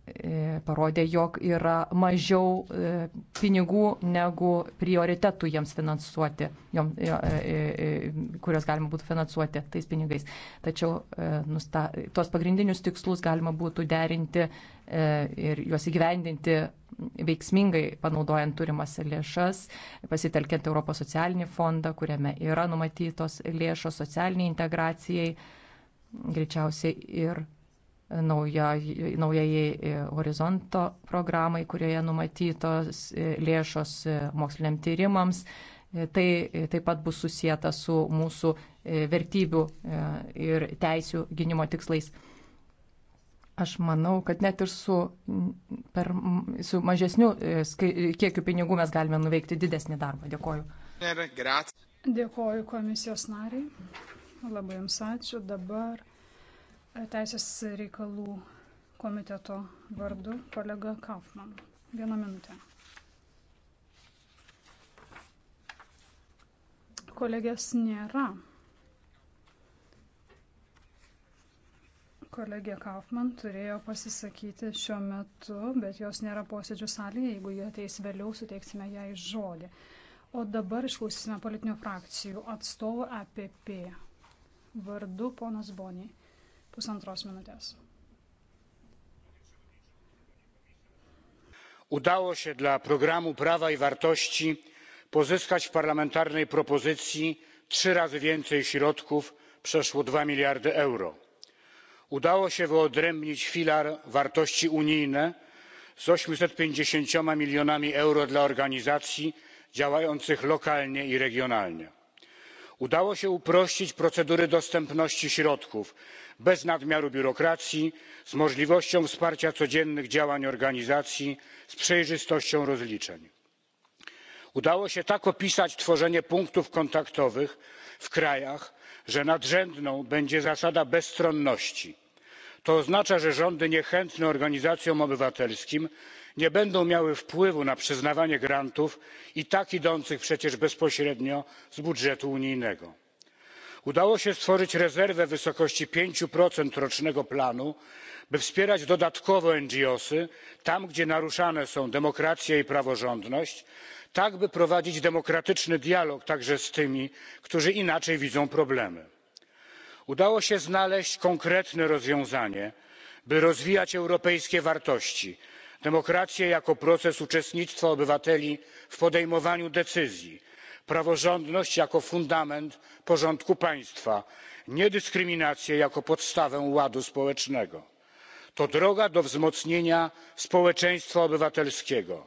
E, parodė, jog yra mažiau e, pinigų negu prioritetų jiems finansuoti, jom, e, kurios galima būtų finansuoti tais pinigais. Tačiau nusta, tos pagrindinius tikslus galima būtų derinti ir juos įgyvendinti veiksmingai panaudojant turimas lėšas, pasitelkiant Europos socialinį fondą, kuriame yra numatytos lėšos socialiniai integracijai, greičiausiai ir naujajai nauja e, horizonto programai, kurioje numatytos e, lėšos e, moksliniam tyrimams. Tai taip pat bus susijęta su mūsų vertybių ir teisių gynimo tikslais. Aš manau, kad net ir su, per, su mažesniu kiekiu pinigų mes galime nuveikti didesnį darbą. Dėkoju. Dėkoju komisijos nariai. Labai jums ačiū. Dabar Teisės reikalų komiteto vardu kolega Kaufman. Vieną minutę. Kolegės nėra. Kolegė Kaufman turėjo pasisakyti šiuo metu, bet jos nėra posėdžių salėje. Jeigu jie ateis vėliau, suteiksime jai žodį. O dabar išklausysime politinių frakcijų atstovų APP. Vardu ponas Boniai pusantros minutės. Udało się dla programu Prawa i Wartości pozyskać w parlamentarnej propozycji trzy razy więcej środków, przeszło 2 miliardy euro. Udało się wyodrębnić filar wartości unijne z 850 milionami euro dla organizacji działających lokalnie i regionalnie udało się uprościć procedury dostępności środków bez nadmiaru biurokracji z możliwością wsparcia codziennych działań organizacji z przejrzystością rozliczeń. udało się tak opisać tworzenie punktów kontaktowych w krajach że nadrzędną będzie zasada bezstronności. to oznacza że rządy niechętne organizacjom obywatelskim nie będą miały wpływu na przyznawanie grantów i tak idących przecież bezpośrednio z budżetu unijnego. udało się stworzyć rezerwę w wysokości pięć rocznego planu by wspierać dodatkowo ngo tam gdzie naruszane są demokracja i praworządność tak by prowadzić demokratyczny dialog także z tymi którzy inaczej widzą problemy. udało się znaleźć konkretne rozwiązanie by rozwijać europejskie wartości demokrację jako proces uczestnictwa obywateli w podejmowaniu decyzji praworządność jako fundament porządku państwa niedyskryminację jako podstawę ładu społecznego. to droga do wzmocnienia społeczeństwa obywatelskiego.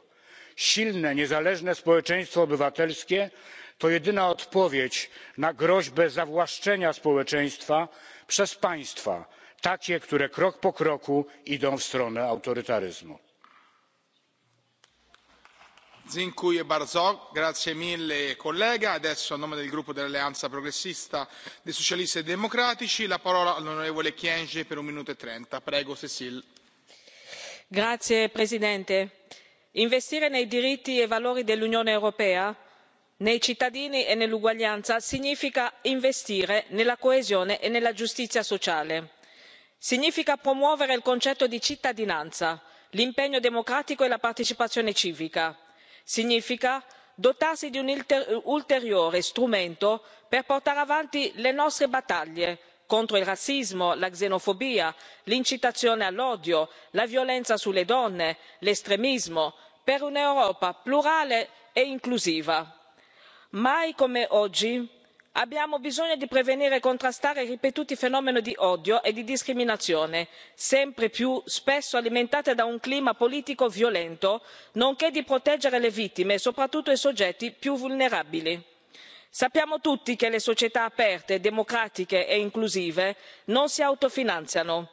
silne niezależne społeczeństwo obywatelskie to jedyna odpowiedź na groźbę zawłaszczenia społeczeństwa przez państwa takie które krok po kroku idą w stronę autorytaryzmu dziękuję bardzo grazie mille collega adesso a nome del gruppo dell'alleanza progressista dei socialisti e democratici la parola all'onorevole kyenge per un minuto e trenta prego cécile. signor presidente onorevoli colleghi investire nei diritti e valori dell'unione europea nei cittadini e nell'uguaglianza significa investire nella coesione e nella giustizia sociale. significa promuovere il concetto di cittadinanza l'impegno democratico e la partecipazione civica significa dotarsi di un ulteriore strumento per portare avanti le nostre battaglie contro il razzismo la xenofobia l'incitazione all'odio la violenza sulle donne l'estremismo per un'europa plurale e inclusiva. mai come oggi abbiamo bisogno di prevenire e contrastare i ripetuti fenomeni di odio e di discriminazione sempre più spesso alimentati da un clima politico violento nonché di proteggere le vittime e soprattutto i soggetti più vulnerabili. sappiamo tutti che le società aperte democratiche e inclusive non si autofinanziano.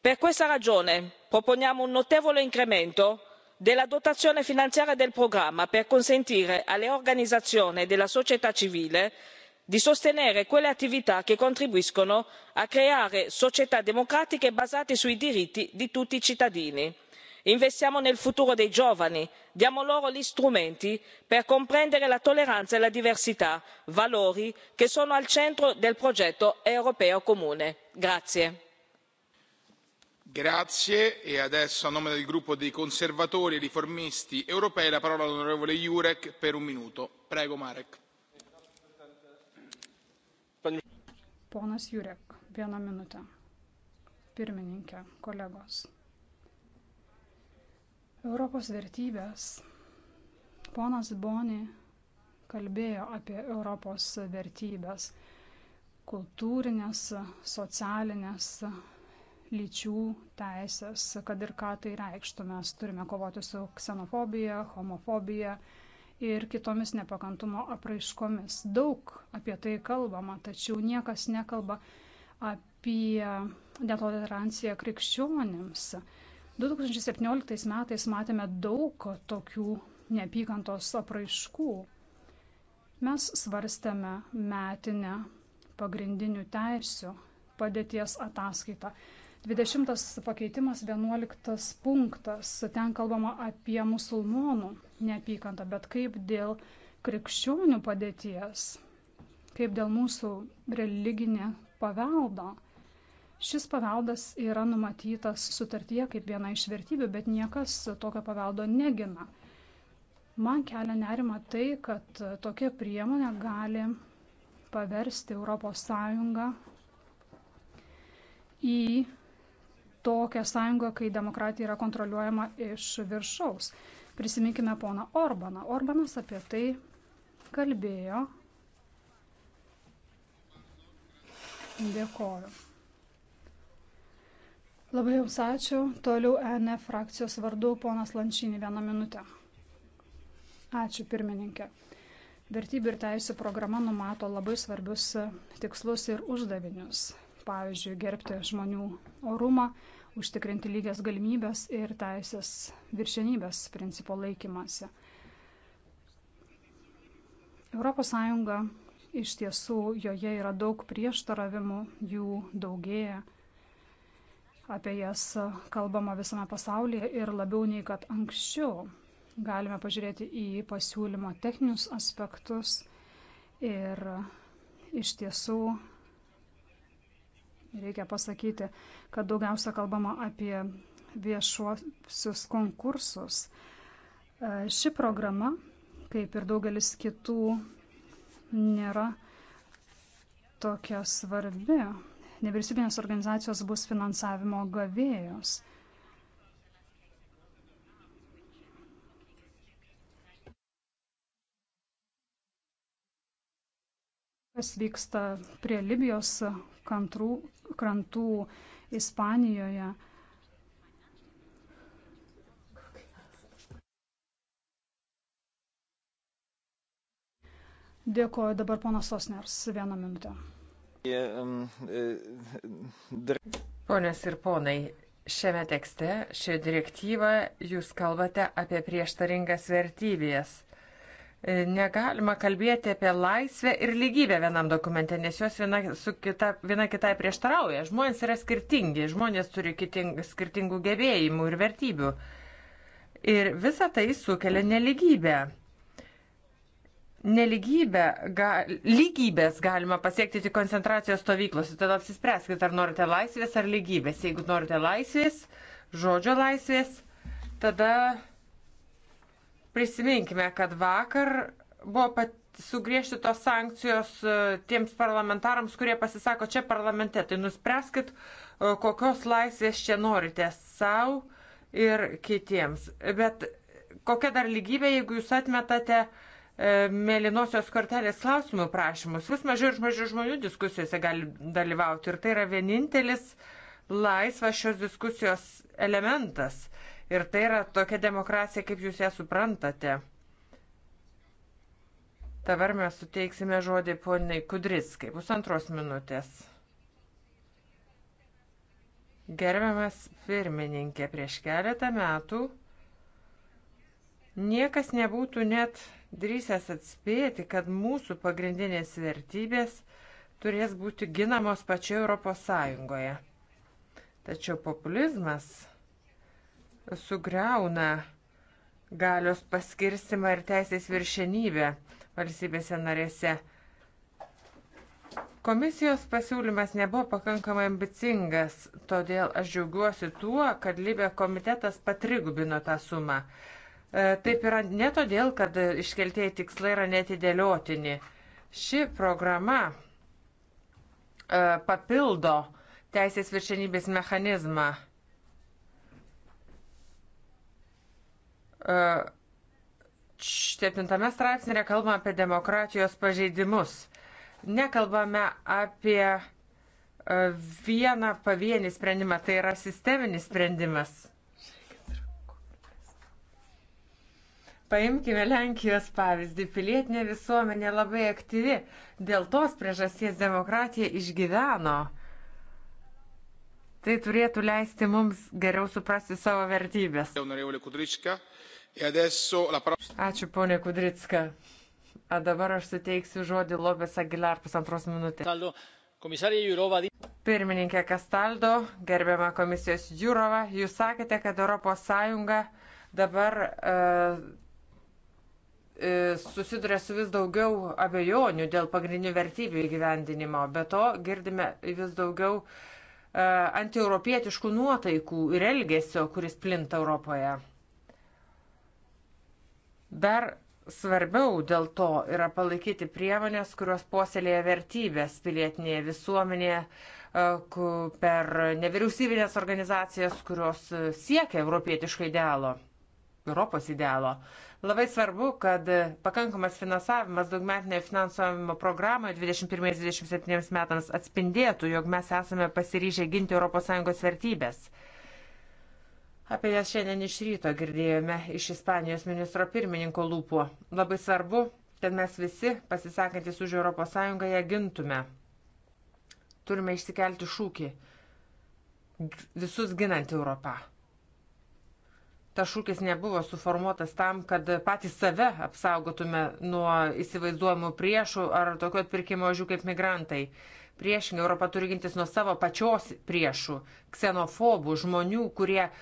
per questa ragione proponiamo un notevole incremento della dotazione finanziaria del programma per consentire alle organizzazioni della società civile di sostenere quelle attività che contribuiscono a creare società democratiche basate sui diritti di tutti i cittadini. investiamo nel futuro dei giovani diamo loro gli strumenti per comprendere la tolleranza e la diversità valori che sono al centro del progetto europeo comune grazie e adesso a nome del gruppo dei conservatori e riformisti europei la parola all'onorevole jurek per un minuto. prego marek. ponas jurek viena minutė. pirmininke kolegos europos vertybės ponas boni kalbėjo apie europos vertybes kultūrines socialines lyčių teisės, kad ir ką tai reikštų. Mes turime kovoti su ksenofobija, homofobija ir kitomis nepakantumo apraiškomis. Daug apie tai kalbama, tačiau niekas nekalba apie netoleranciją krikščionims. 2017 metais matėme daug tokių neapykantos apraiškų. Mes svarstėme metinę pagrindinių teisių padėties ataskaitą. 20 pakeitimas 11 punktas. Ten kalbama apie musulmonų neapykantą, bet kaip dėl krikščionių padėties, kaip dėl mūsų religinė paveldo. Šis paveldas yra numatytas sutartyje kaip viena iš vertybių, bet niekas tokio paveldo negina. Man kelia nerima tai, kad tokia priemonė gali paversti ES į tokią sąjungą, kai demokratija yra kontroliuojama iš viršaus. Prisiminkime poną Orbaną. Orbanas apie tai kalbėjo. Dėkoju. Labai jums ačiū. Toliau ENE frakcijos vardu ponas Lančinį vieną minutę. Ačiū pirmininkė. Vertybių ir teisų programa numato labai svarbius tikslus ir uždavinius pavyzdžiui, gerbti žmonių orumą, užtikrinti lygias galimybės ir teisės viršenybės principo laikymasi. ES iš tiesų joje yra daug prieštaravimų, jų daugėja. Apie jas kalbama visame pasaulyje ir labiau nei kad anksčiau. Galime pažiūrėti į pasiūlymo techninius aspektus ir iš tiesų Reikia pasakyti, kad daugiausia kalbama apie viešuosius konkursus. E, ši programa, kaip ir daugelis kitų, nėra tokia svarbi. Nevyriausybinės organizacijos bus finansavimo gavėjos. kas vyksta prie Libijos kantrų, krantų Ispanijoje. Dėkuoju dabar ponas Sosners, vieną minutę. Ponios ir ponai, šiame tekste, šioje direktyvoje jūs kalbate apie prieštaringas vertybės negalima kalbėti apie laisvę ir lygybę vienam dokumente, nes jos viena, kita, viena kitai prieštarauja. Žmonės yra skirtingi, žmonės turi kiting, skirtingų gebėjimų ir vertybių. Ir visa tai sukelia neligybę. Neligybę, ga, lygybės galima pasiekti tik koncentracijos stovyklose. Tada apsispręskite, ar norite laisvės ar lygybės. Jeigu norite laisvės, žodžio laisvės, tada Prisiminkime, kad vakar buvo pat sugriežti tos sankcijos e, tiems parlamentarams, kurie pasisako čia parlamente. Tai nuspręskit, e, kokios laisvės čia norite savo ir kitiems. Bet kokia dar lygybė, jeigu jūs atmetate e, mėlynosios kortelės klausimų prašymus. Vis mažiau ir mažiau žmonių diskusijose gali dalyvauti. Ir tai yra vienintelis laisvas šios diskusijos elementas. Ir tai yra tokia demokratija, kaip jūs ją suprantate. Dabar mes suteiksime žodį poniai Kudrickai, pusantros minutės. Gerbiamas pirmininkė, prieš keletą metų niekas nebūtų net drįsęs atspėti, kad mūsų pagrindinės vertybės turės būti ginamos pačioje Europos Sąjungoje. Tačiau populizmas sugriauna galios paskirstimą ir teisės viršenybę valstybėse narėse. Komisijos pasiūlymas nebuvo pakankamai ambicingas, todėl aš džiaugiuosi tuo, kad Libė komitetas patrigubino tą sumą. E, taip yra ne todėl, kad iškeltieji tikslai yra netidėliotini. Ši programa e, papildo teisės viršenybės mechanizmą E, septintame straipsnėje kalbame apie demokratijos pažeidimus. Nekalbame apie e, vieną pavienį sprendimą, tai yra sisteminis sprendimas. Paimkime Lenkijos pavyzdį. Pilietinė visuomenė labai aktyvi. Dėl tos priežasties demokratija išgyveno. Tai turėtų leisti mums geriau suprasti savo vertybės. Ačiū, ponė Kudritska. A dabar aš suteiksiu žodį Lopes Aguilar pusantros minutės. Pirmininkė Kastaldo, gerbiama komisijos Jūrova, jūs sakėte, kad ES dabar uh, susiduria su vis daugiau abejonių dėl pagrindinių vertybių įgyvendinimo. Be to girdime vis daugiau uh, E, antieuropietiškų nuotaikų ir elgesio, kuris plinta Europoje. Dar svarbiau dėl to yra palaikyti priemonės, kurios puoselėja vertybės pilietinėje visuomenėje e, per nevyriausybinės organizacijas, kurios siekia europietiško idealo. Europos idealo. Labai svarbu, kad pakankamas finansavimas daugmetinėje finansavimo programoje 21-27 metams atspindėtų, jog mes esame pasiryžę ginti ES vertybės. Apie jas šiandien iš ryto girdėjome iš Ispanijos ministro pirmininko lūpų. Labai svarbu, kad mes visi, pasisakantis už ES, ją gintume. Turime išsikelti šūkį. Visus ginant Europą. Ta šūkis nebuvo suformuotas tam, kad patys save apsaugotume nuo įsivaizduojamų priešų ar tokio atpirkimo žių kaip migrantai. Priešingai, Europa turi gintis nuo savo pačios priešų, ksenofobų, žmonių, kurie e,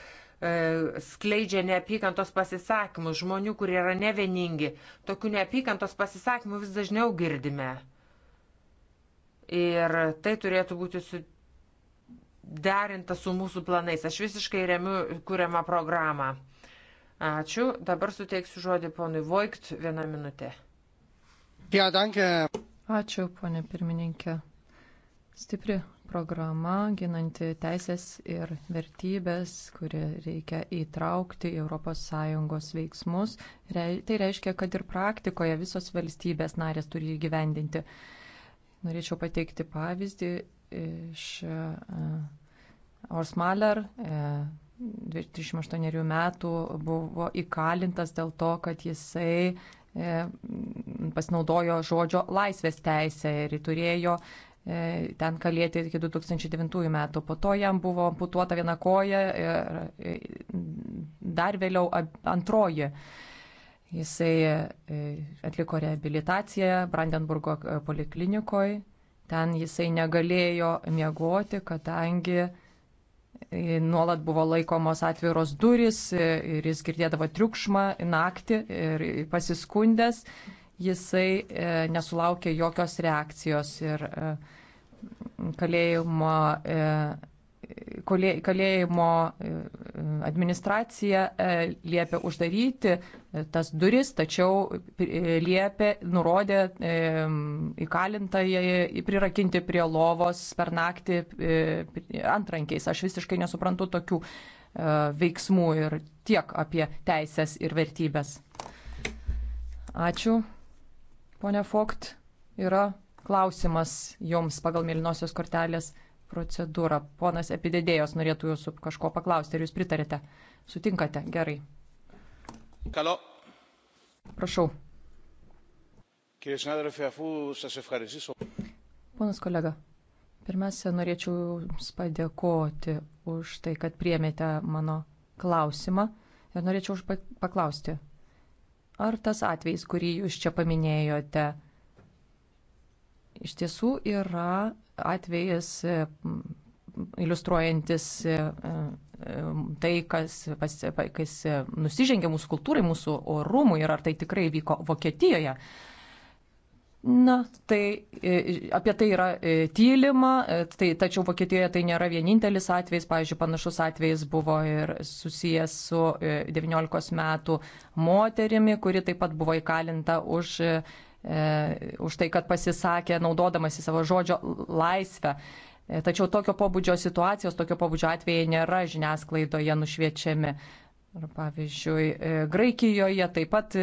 skleidžia neapykantos pasisakymus, žmonių, kurie yra nevieningi. Tokių neapykantos pasisakymų vis dažniau girdime. Ir tai turėtų būti su derinta su mūsų planais. Aš visiškai remiu kuriamą programą. Ačiū. Dabar suteiksiu žodį ponui Voigt vieną minutę. Ja, danke. Ačiū, ponė pirmininkė. Stipri programa, ginanti teisės ir vertybės, kuri reikia įtraukti į ES veiksmus. Tai reiškia, kad ir praktikoje visos valstybės narės turi įgyvendinti. Norėčiau pateikti pavyzdį iš e, Orsmaler, 38 e, metų, buvo įkalintas dėl to, kad jisai e, pasinaudojo žodžio laisvės teisę ir turėjo ten kalėti iki 2009 metų. Po to jam buvo amputuota viena koja ir dar vėliau antroji. Jisai atliko rehabilitaciją Brandenburgo poliklinikoje Ten jisai negalėjo miegoti, kadangi e, nuolat buvo laikomos atviros durys ir jis girdėdavo triukšmą naktį ir pasiskundęs, jisai e, nesulaukė jokios reakcijos ir e, kalėjimo kalėjimo e, administracija e, liepia uždaryti e, tas duris, tačiau liepia, nurodė įkalintąją prirakinti prie lovos per naktį antrankiais. Aš visiškai nesuprantu tokių veiksmų ir tiek apie teisės ir vertybės. Ačiū, ponia Fokt. Yra klausimas jums pagal mėlynosios kortelės procedūrą. Ponas Epidėdėjos norėtų jūsų kažko paklausti, ar jūs pritarėte? Sutinkate? Gerai. Kalo. Prašau. Ponas kolega, pirmiausia, norėčiau Jums padėkoti už tai, kad priemėte mano klausimą ir norėčiau paklausti, ar tas atvejs, kurį Jūs čia paminėjote, iš tiesų yra atvejas e, iliustruojantis e, e, tai, kas, pas, kas nusižengia mūsų kultūrai, mūsų orumui ir ar tai tikrai vyko Vokietijoje. Na, tai apie tai yra tylima, tai, tačiau Vokietijoje tai nėra vienintelis atvejis. Pavyzdžiui, panašus atvejis buvo ir susijęs su 19 metų moterimi, kuri taip pat buvo įkalinta už E, už tai, kad pasisakė naudodamasi savo žodžio laisvę. E, tačiau tokio pobūdžio situacijos, tokio pobūdžio atvejai nėra žiniasklaidoje nušviečiami. Ir pavyzdžiui, e, Graikijoje taip pat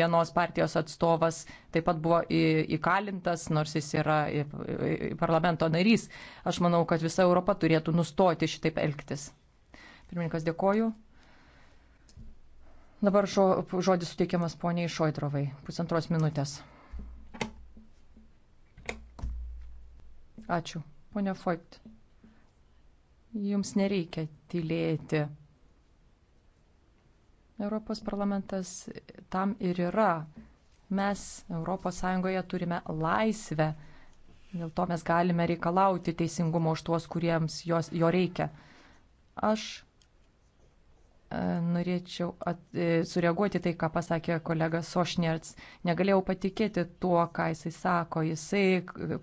vienos partijos atstovas taip pat buvo įkalintas, nors jis yra parlamento narys. Aš manau, kad visa Europa turėtų nustoti šitaip elgtis. Pirmininkas, dėkoju. Dabar žo, žodis suteikiamas poniai Šoitrovai. Pusantros minutės. Ačiū. Pone Foikt, jums nereikia tylėti. Europos parlamentas tam ir yra. Mes ES turime laisvę. Dėl to mes galime reikalauti teisingumo už tuos, kuriems jos, jo reikia. Aš Norėčiau at, e, sureaguoti tai, ką pasakė kolega Sošnerts. Negalėjau patikėti tuo, ką jisai sako. Jisai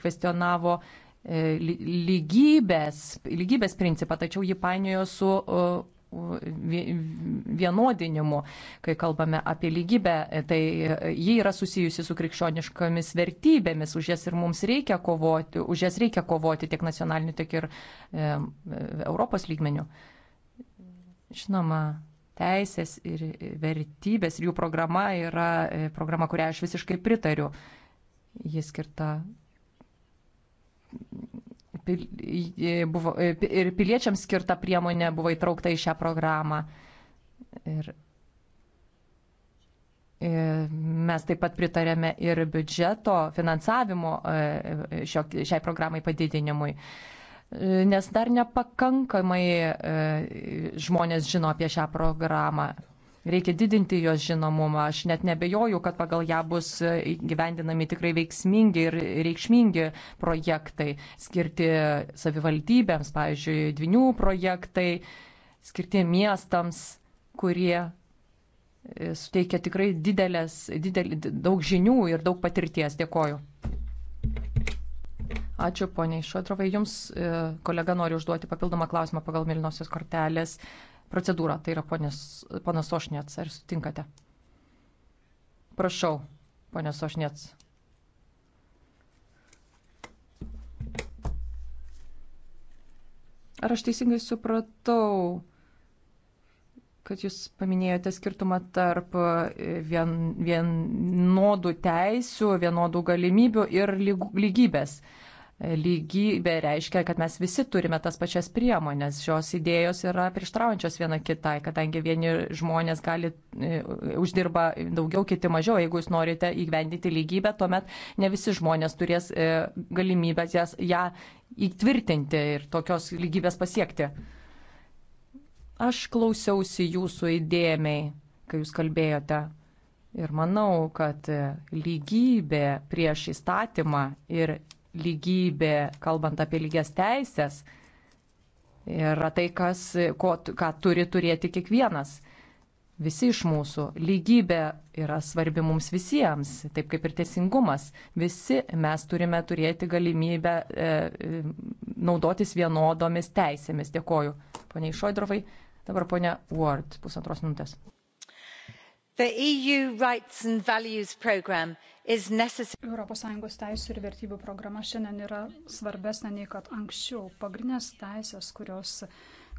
kvestionavo e, lygybės, lygybės principą, tačiau jį painiojo su vienodinimu, kai kalbame apie lygybę, e, tai ji yra susijusi su krikščioniškomis vertybėmis, už jas ir mums reikia kovoti, už jas reikia kovoti tiek nacionaliniu, tiek ir e, Europos lygmeniu. E, Žinoma, teisės ir vertybės ir jų programa yra e, programa, kurią aš visiškai pritariu. Jis skirta pil, buvo, e, ir piliečiams skirta priemonė buvo įtraukta į šią programą. Ir e, mes taip pat pritarėme ir biudžeto finansavimo šiai programai padidinimui nes dar nepakankamai e, žmonės žino apie šią programą. Reikia didinti jos žinomumą. Aš net nebejoju, kad pagal ją bus e, gyvendinami tikrai veiksmingi ir reikšmingi projektai, skirti savivaldybėms, pavyzdžiui, dvinių projektai, skirti miestams, kurie e, suteikia tikrai didelės, didel, daug žinių ir daug patirties. Dėkoju. Ačiū, poniai Šodrovai. Jums e, kolega nori užduoti papildomą klausimą pagal Milinosios kortelės procedūrą. Tai yra ponas Ošnėts. Ar sutinkate? Prašau, ponas Ošnėts. Ar aš teisingai supratau, kad jūs paminėjote skirtumą tarp e, vien, vienodų teisių, vienodų galimybių ir lyg, lygybės? lygybė reiškia, kad mes visi turime tas pačias priemonės. Šios idėjos yra prieštraujančios viena kitai, kadangi vieni žmonės gali e, uždirba daugiau, kiti mažiau. Jeigu jūs norite įgyvendinti lygybę, tuomet ne visi žmonės turės e, galimybę jas, ją įtvirtinti ir tokios lygybės pasiekti. Aš klausiausi jūsų įdėmiai, kai jūs kalbėjote. Ir manau, kad lygybė prieš įstatymą ir lygybė, kalbant apie lygias teisės, yra tai, kas, ko, ką turi turėti kiekvienas. Visi iš mūsų. Lygybė yra svarbi mums visiems, taip kaip ir teisingumas. Visi mes turime turėti galimybę e, naudotis vienodomis teisėmis. Dėkoju. Pone Išoidrovai, dabar ponia Ward, pusantros minutės. The EU Rights and Values Programme ES teisų ir vertybių programa šiandien yra svarbesnė nei kad anksčiau. Pagrindinės teisės, kurios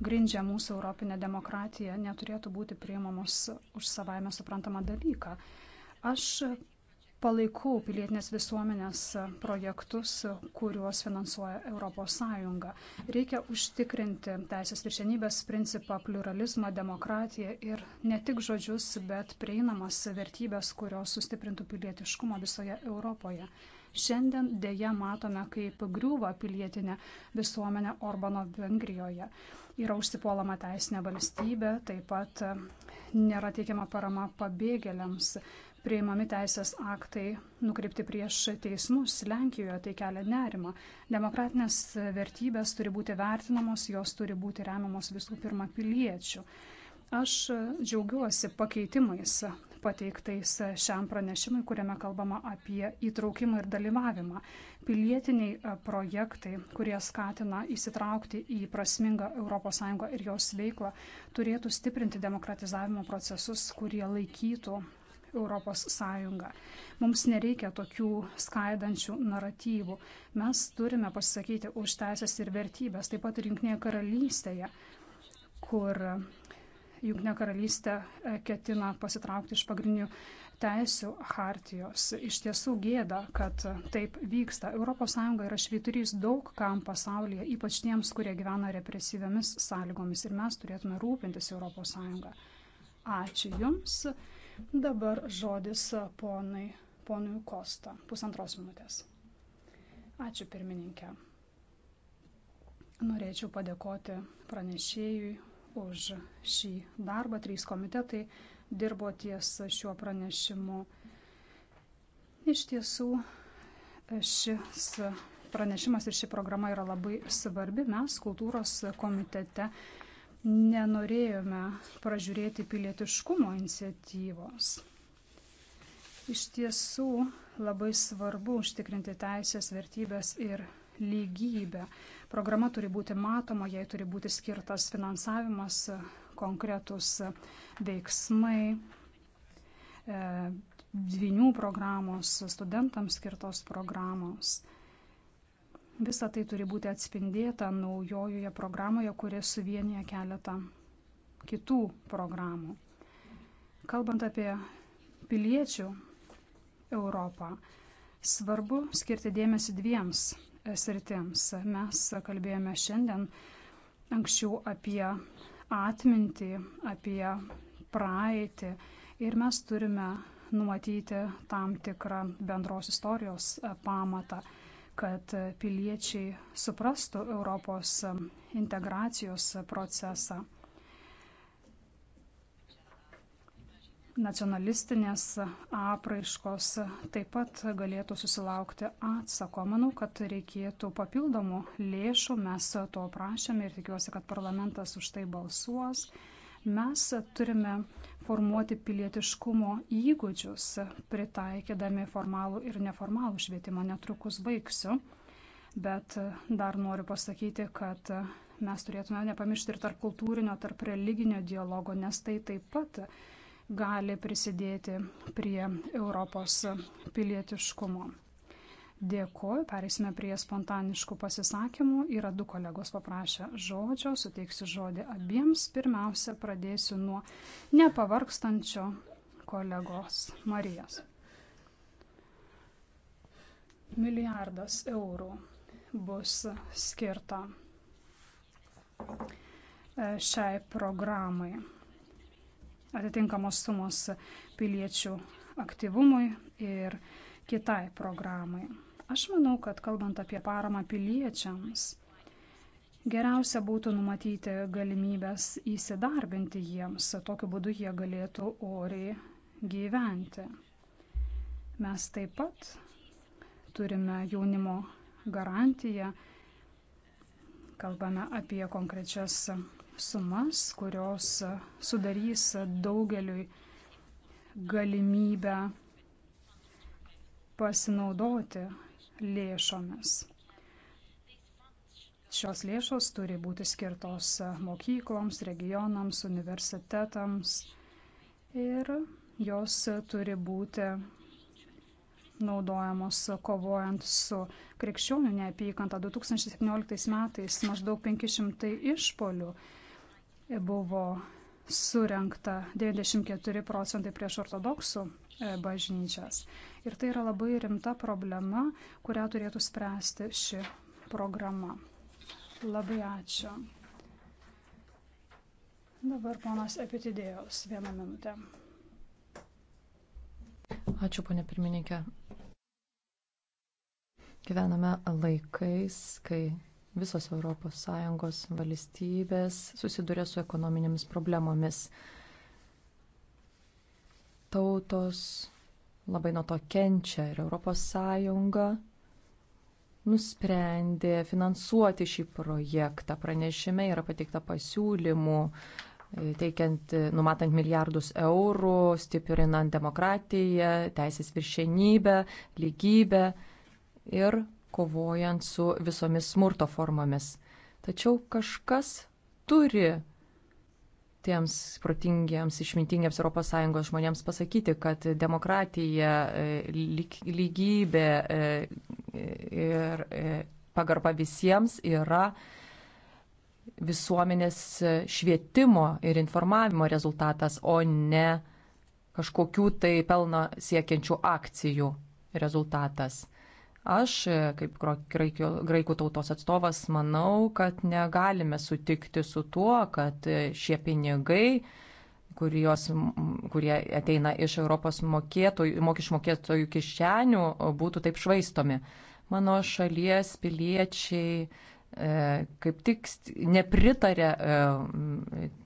grindžia mūsų europinę demokratiją, neturėtų būti priimamos už savaime suprantamą dalyką. Aš palaikau pilietinės visuomenės projektus, kuriuos finansuoja ES. Reikia užtikrinti teisės viršenybės principą, pluralizmą, demokratiją ir ne tik žodžius, bet prieinamas vertybės, kurios sustiprintų pilietiškumą visoje Europoje. Šiandien dėja matome, kaip griūva pilietinė visuomenė Orbano Vengrijoje. Yra užsipuolama teisinė valstybė, taip pat nėra teikiama parama pabėgėliams priimami teisės aktai nukreipti prieš teismus Lenkijoje, tai kelia nerima. Demokratinės vertybės turi būti vertinamos, jos turi būti remiamos visų pirma piliečių. Aš džiaugiuosi pakeitimais pateiktais šiam pranešimui, kuriame kalbama apie įtraukimą ir dalyvavimą. Pilietiniai projektai, kurie skatina įsitraukti į prasmingą ES ir jos veiklą, turėtų stiprinti demokratizavimo procesus, kurie laikytų ES. Mums nereikia tokių skaidančių naratyvų. Mes turime pasisakyti už teisės ir vertybės, taip pat ir Junktinėje karalystėje, kur Junktinė karalystė e, ketina pasitraukti iš pagrindinių teisų hartijos. Iš tiesų gėda, kad taip vyksta. ES yra švyturys daug kam pasaulyje, ypač tiems, kurie gyvena represyviamis sąlygomis ir mes turėtume rūpintis ES. Ačiū Jums. Dabar žodis ponui, ponui Kosta. Pusantros minutės. Ačiū pirmininkė. Norėčiau padėkoti pranešėjui už šį darbą. Trys komitetai dirbo ties šiuo pranešimu. Iš tiesų, šis pranešimas ir ši programa yra labai svarbi. Mes kultūros komitete nenorėjome pražiūrėti pilietiškumo iniciatyvos. Iš tiesų labai svarbu užtikrinti teisės, vertybės ir lygybę. Programa turi būti matoma, jai turi būti skirtas finansavimas, konkretus veiksmai, e, dvinių programos, studentams skirtos programos. Visa tai turi būti atspindėta naujojoje programoje, kuri suvienyje keletą kitų programų. Kalbant apie piliečių Europą, svarbu skirti dėmesį dviems sritims. Mes kalbėjome šiandien anksčiau apie atmintį, apie praeitį ir mes turime numatyti tam tikrą bendros istorijos pamatą kad piliečiai suprastų Europos integracijos procesą. nacionalistinės apraiškos taip pat galėtų susilaukti atsako. Manau, kad reikėtų papildomų lėšų, mes to prašėme ir tikiuosi, kad parlamentas už tai balsuos. Mes turime formuoti pilietiškumo įgūdžius, pritaikydami formalų ir neformalų švietimą. Netrukus baigsiu, bet dar noriu pasakyti, kad mes turėtume nepamiršti ir tarp kultūrinio, tarp religinio dialogo, nes tai taip pat gali prisidėti prie Europos pilietiškumo. Dėkuoju, perėsime prie spontaniškų pasisakymų. Yra du kolegos paprašę žodžio, suteiksiu žodį abiems. Pirmiausia, pradėsiu nuo nepavarkstančio kolegos Marijos. Milijardas eurų bus skirta e, šiai programai. Atitinkamos sumos piliečių aktyvumui ir kitai programai. Aš manau, kad kalbant apie paramą piliečiams, geriausia būtų numatyti galimybės įsidarbinti jiems, tokiu būdu jie galėtų oriai gyventi. Mes taip pat turime jaunimo garantiją, kalbame apie konkrečias sumas, kurios sudarys daugeliui galimybę pasinaudoti lėšomis. Šios lėšos turi būti skirtos mokykloms, regionams, universitetams ir jos turi būti naudojamos kovojant su krikščionių neapykanta. 2017 metais maždaug 500 išpolių buvo surenkta 94 procentai prieš ortodoksų bažnyčias. Ir tai yra labai rimta problema, kurią turėtų spręsti ši programa. Labai ačiū. Dabar ponas Epitidėjos vieną minutę. Ačiū, ponė pirmininkė. Gyvename laikais, kai visos ES valstybės susiduria su ekonominėmis problemomis. Tautos labai nuo to kenčia ir ES nusprendė finansuoti šį projektą. Pranešime yra pateikta pasiūlymų, e, teikiant, e, numatant milijardus eurų, stiprinant demokratiją, teisės viršenybę, lygybę ir kovojant su visomis smurto formomis. Tačiau kažkas turi tiems protingiems, išmintingiems ES žmonėms pasakyti, kad demokratija, e, lygybė e, e, ir pagarba visiems yra visuomenės švietimo ir informavimo rezultatas, o ne kažkokių tai pelno siekiančių akcijų rezultatas. Aš, e, kaip graikų tautos atstovas, manau, kad negalime sutikti su tuo, kad e, šie pinigai, kurios, kurie ateina iš Europos mokesčių mokėtojų kišenių, būtų taip švaistomi. Mano šalies piliečiai e, kaip tik nepritarė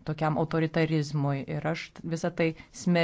tokiam autoritarizmui ir aš visą tai smerkiu.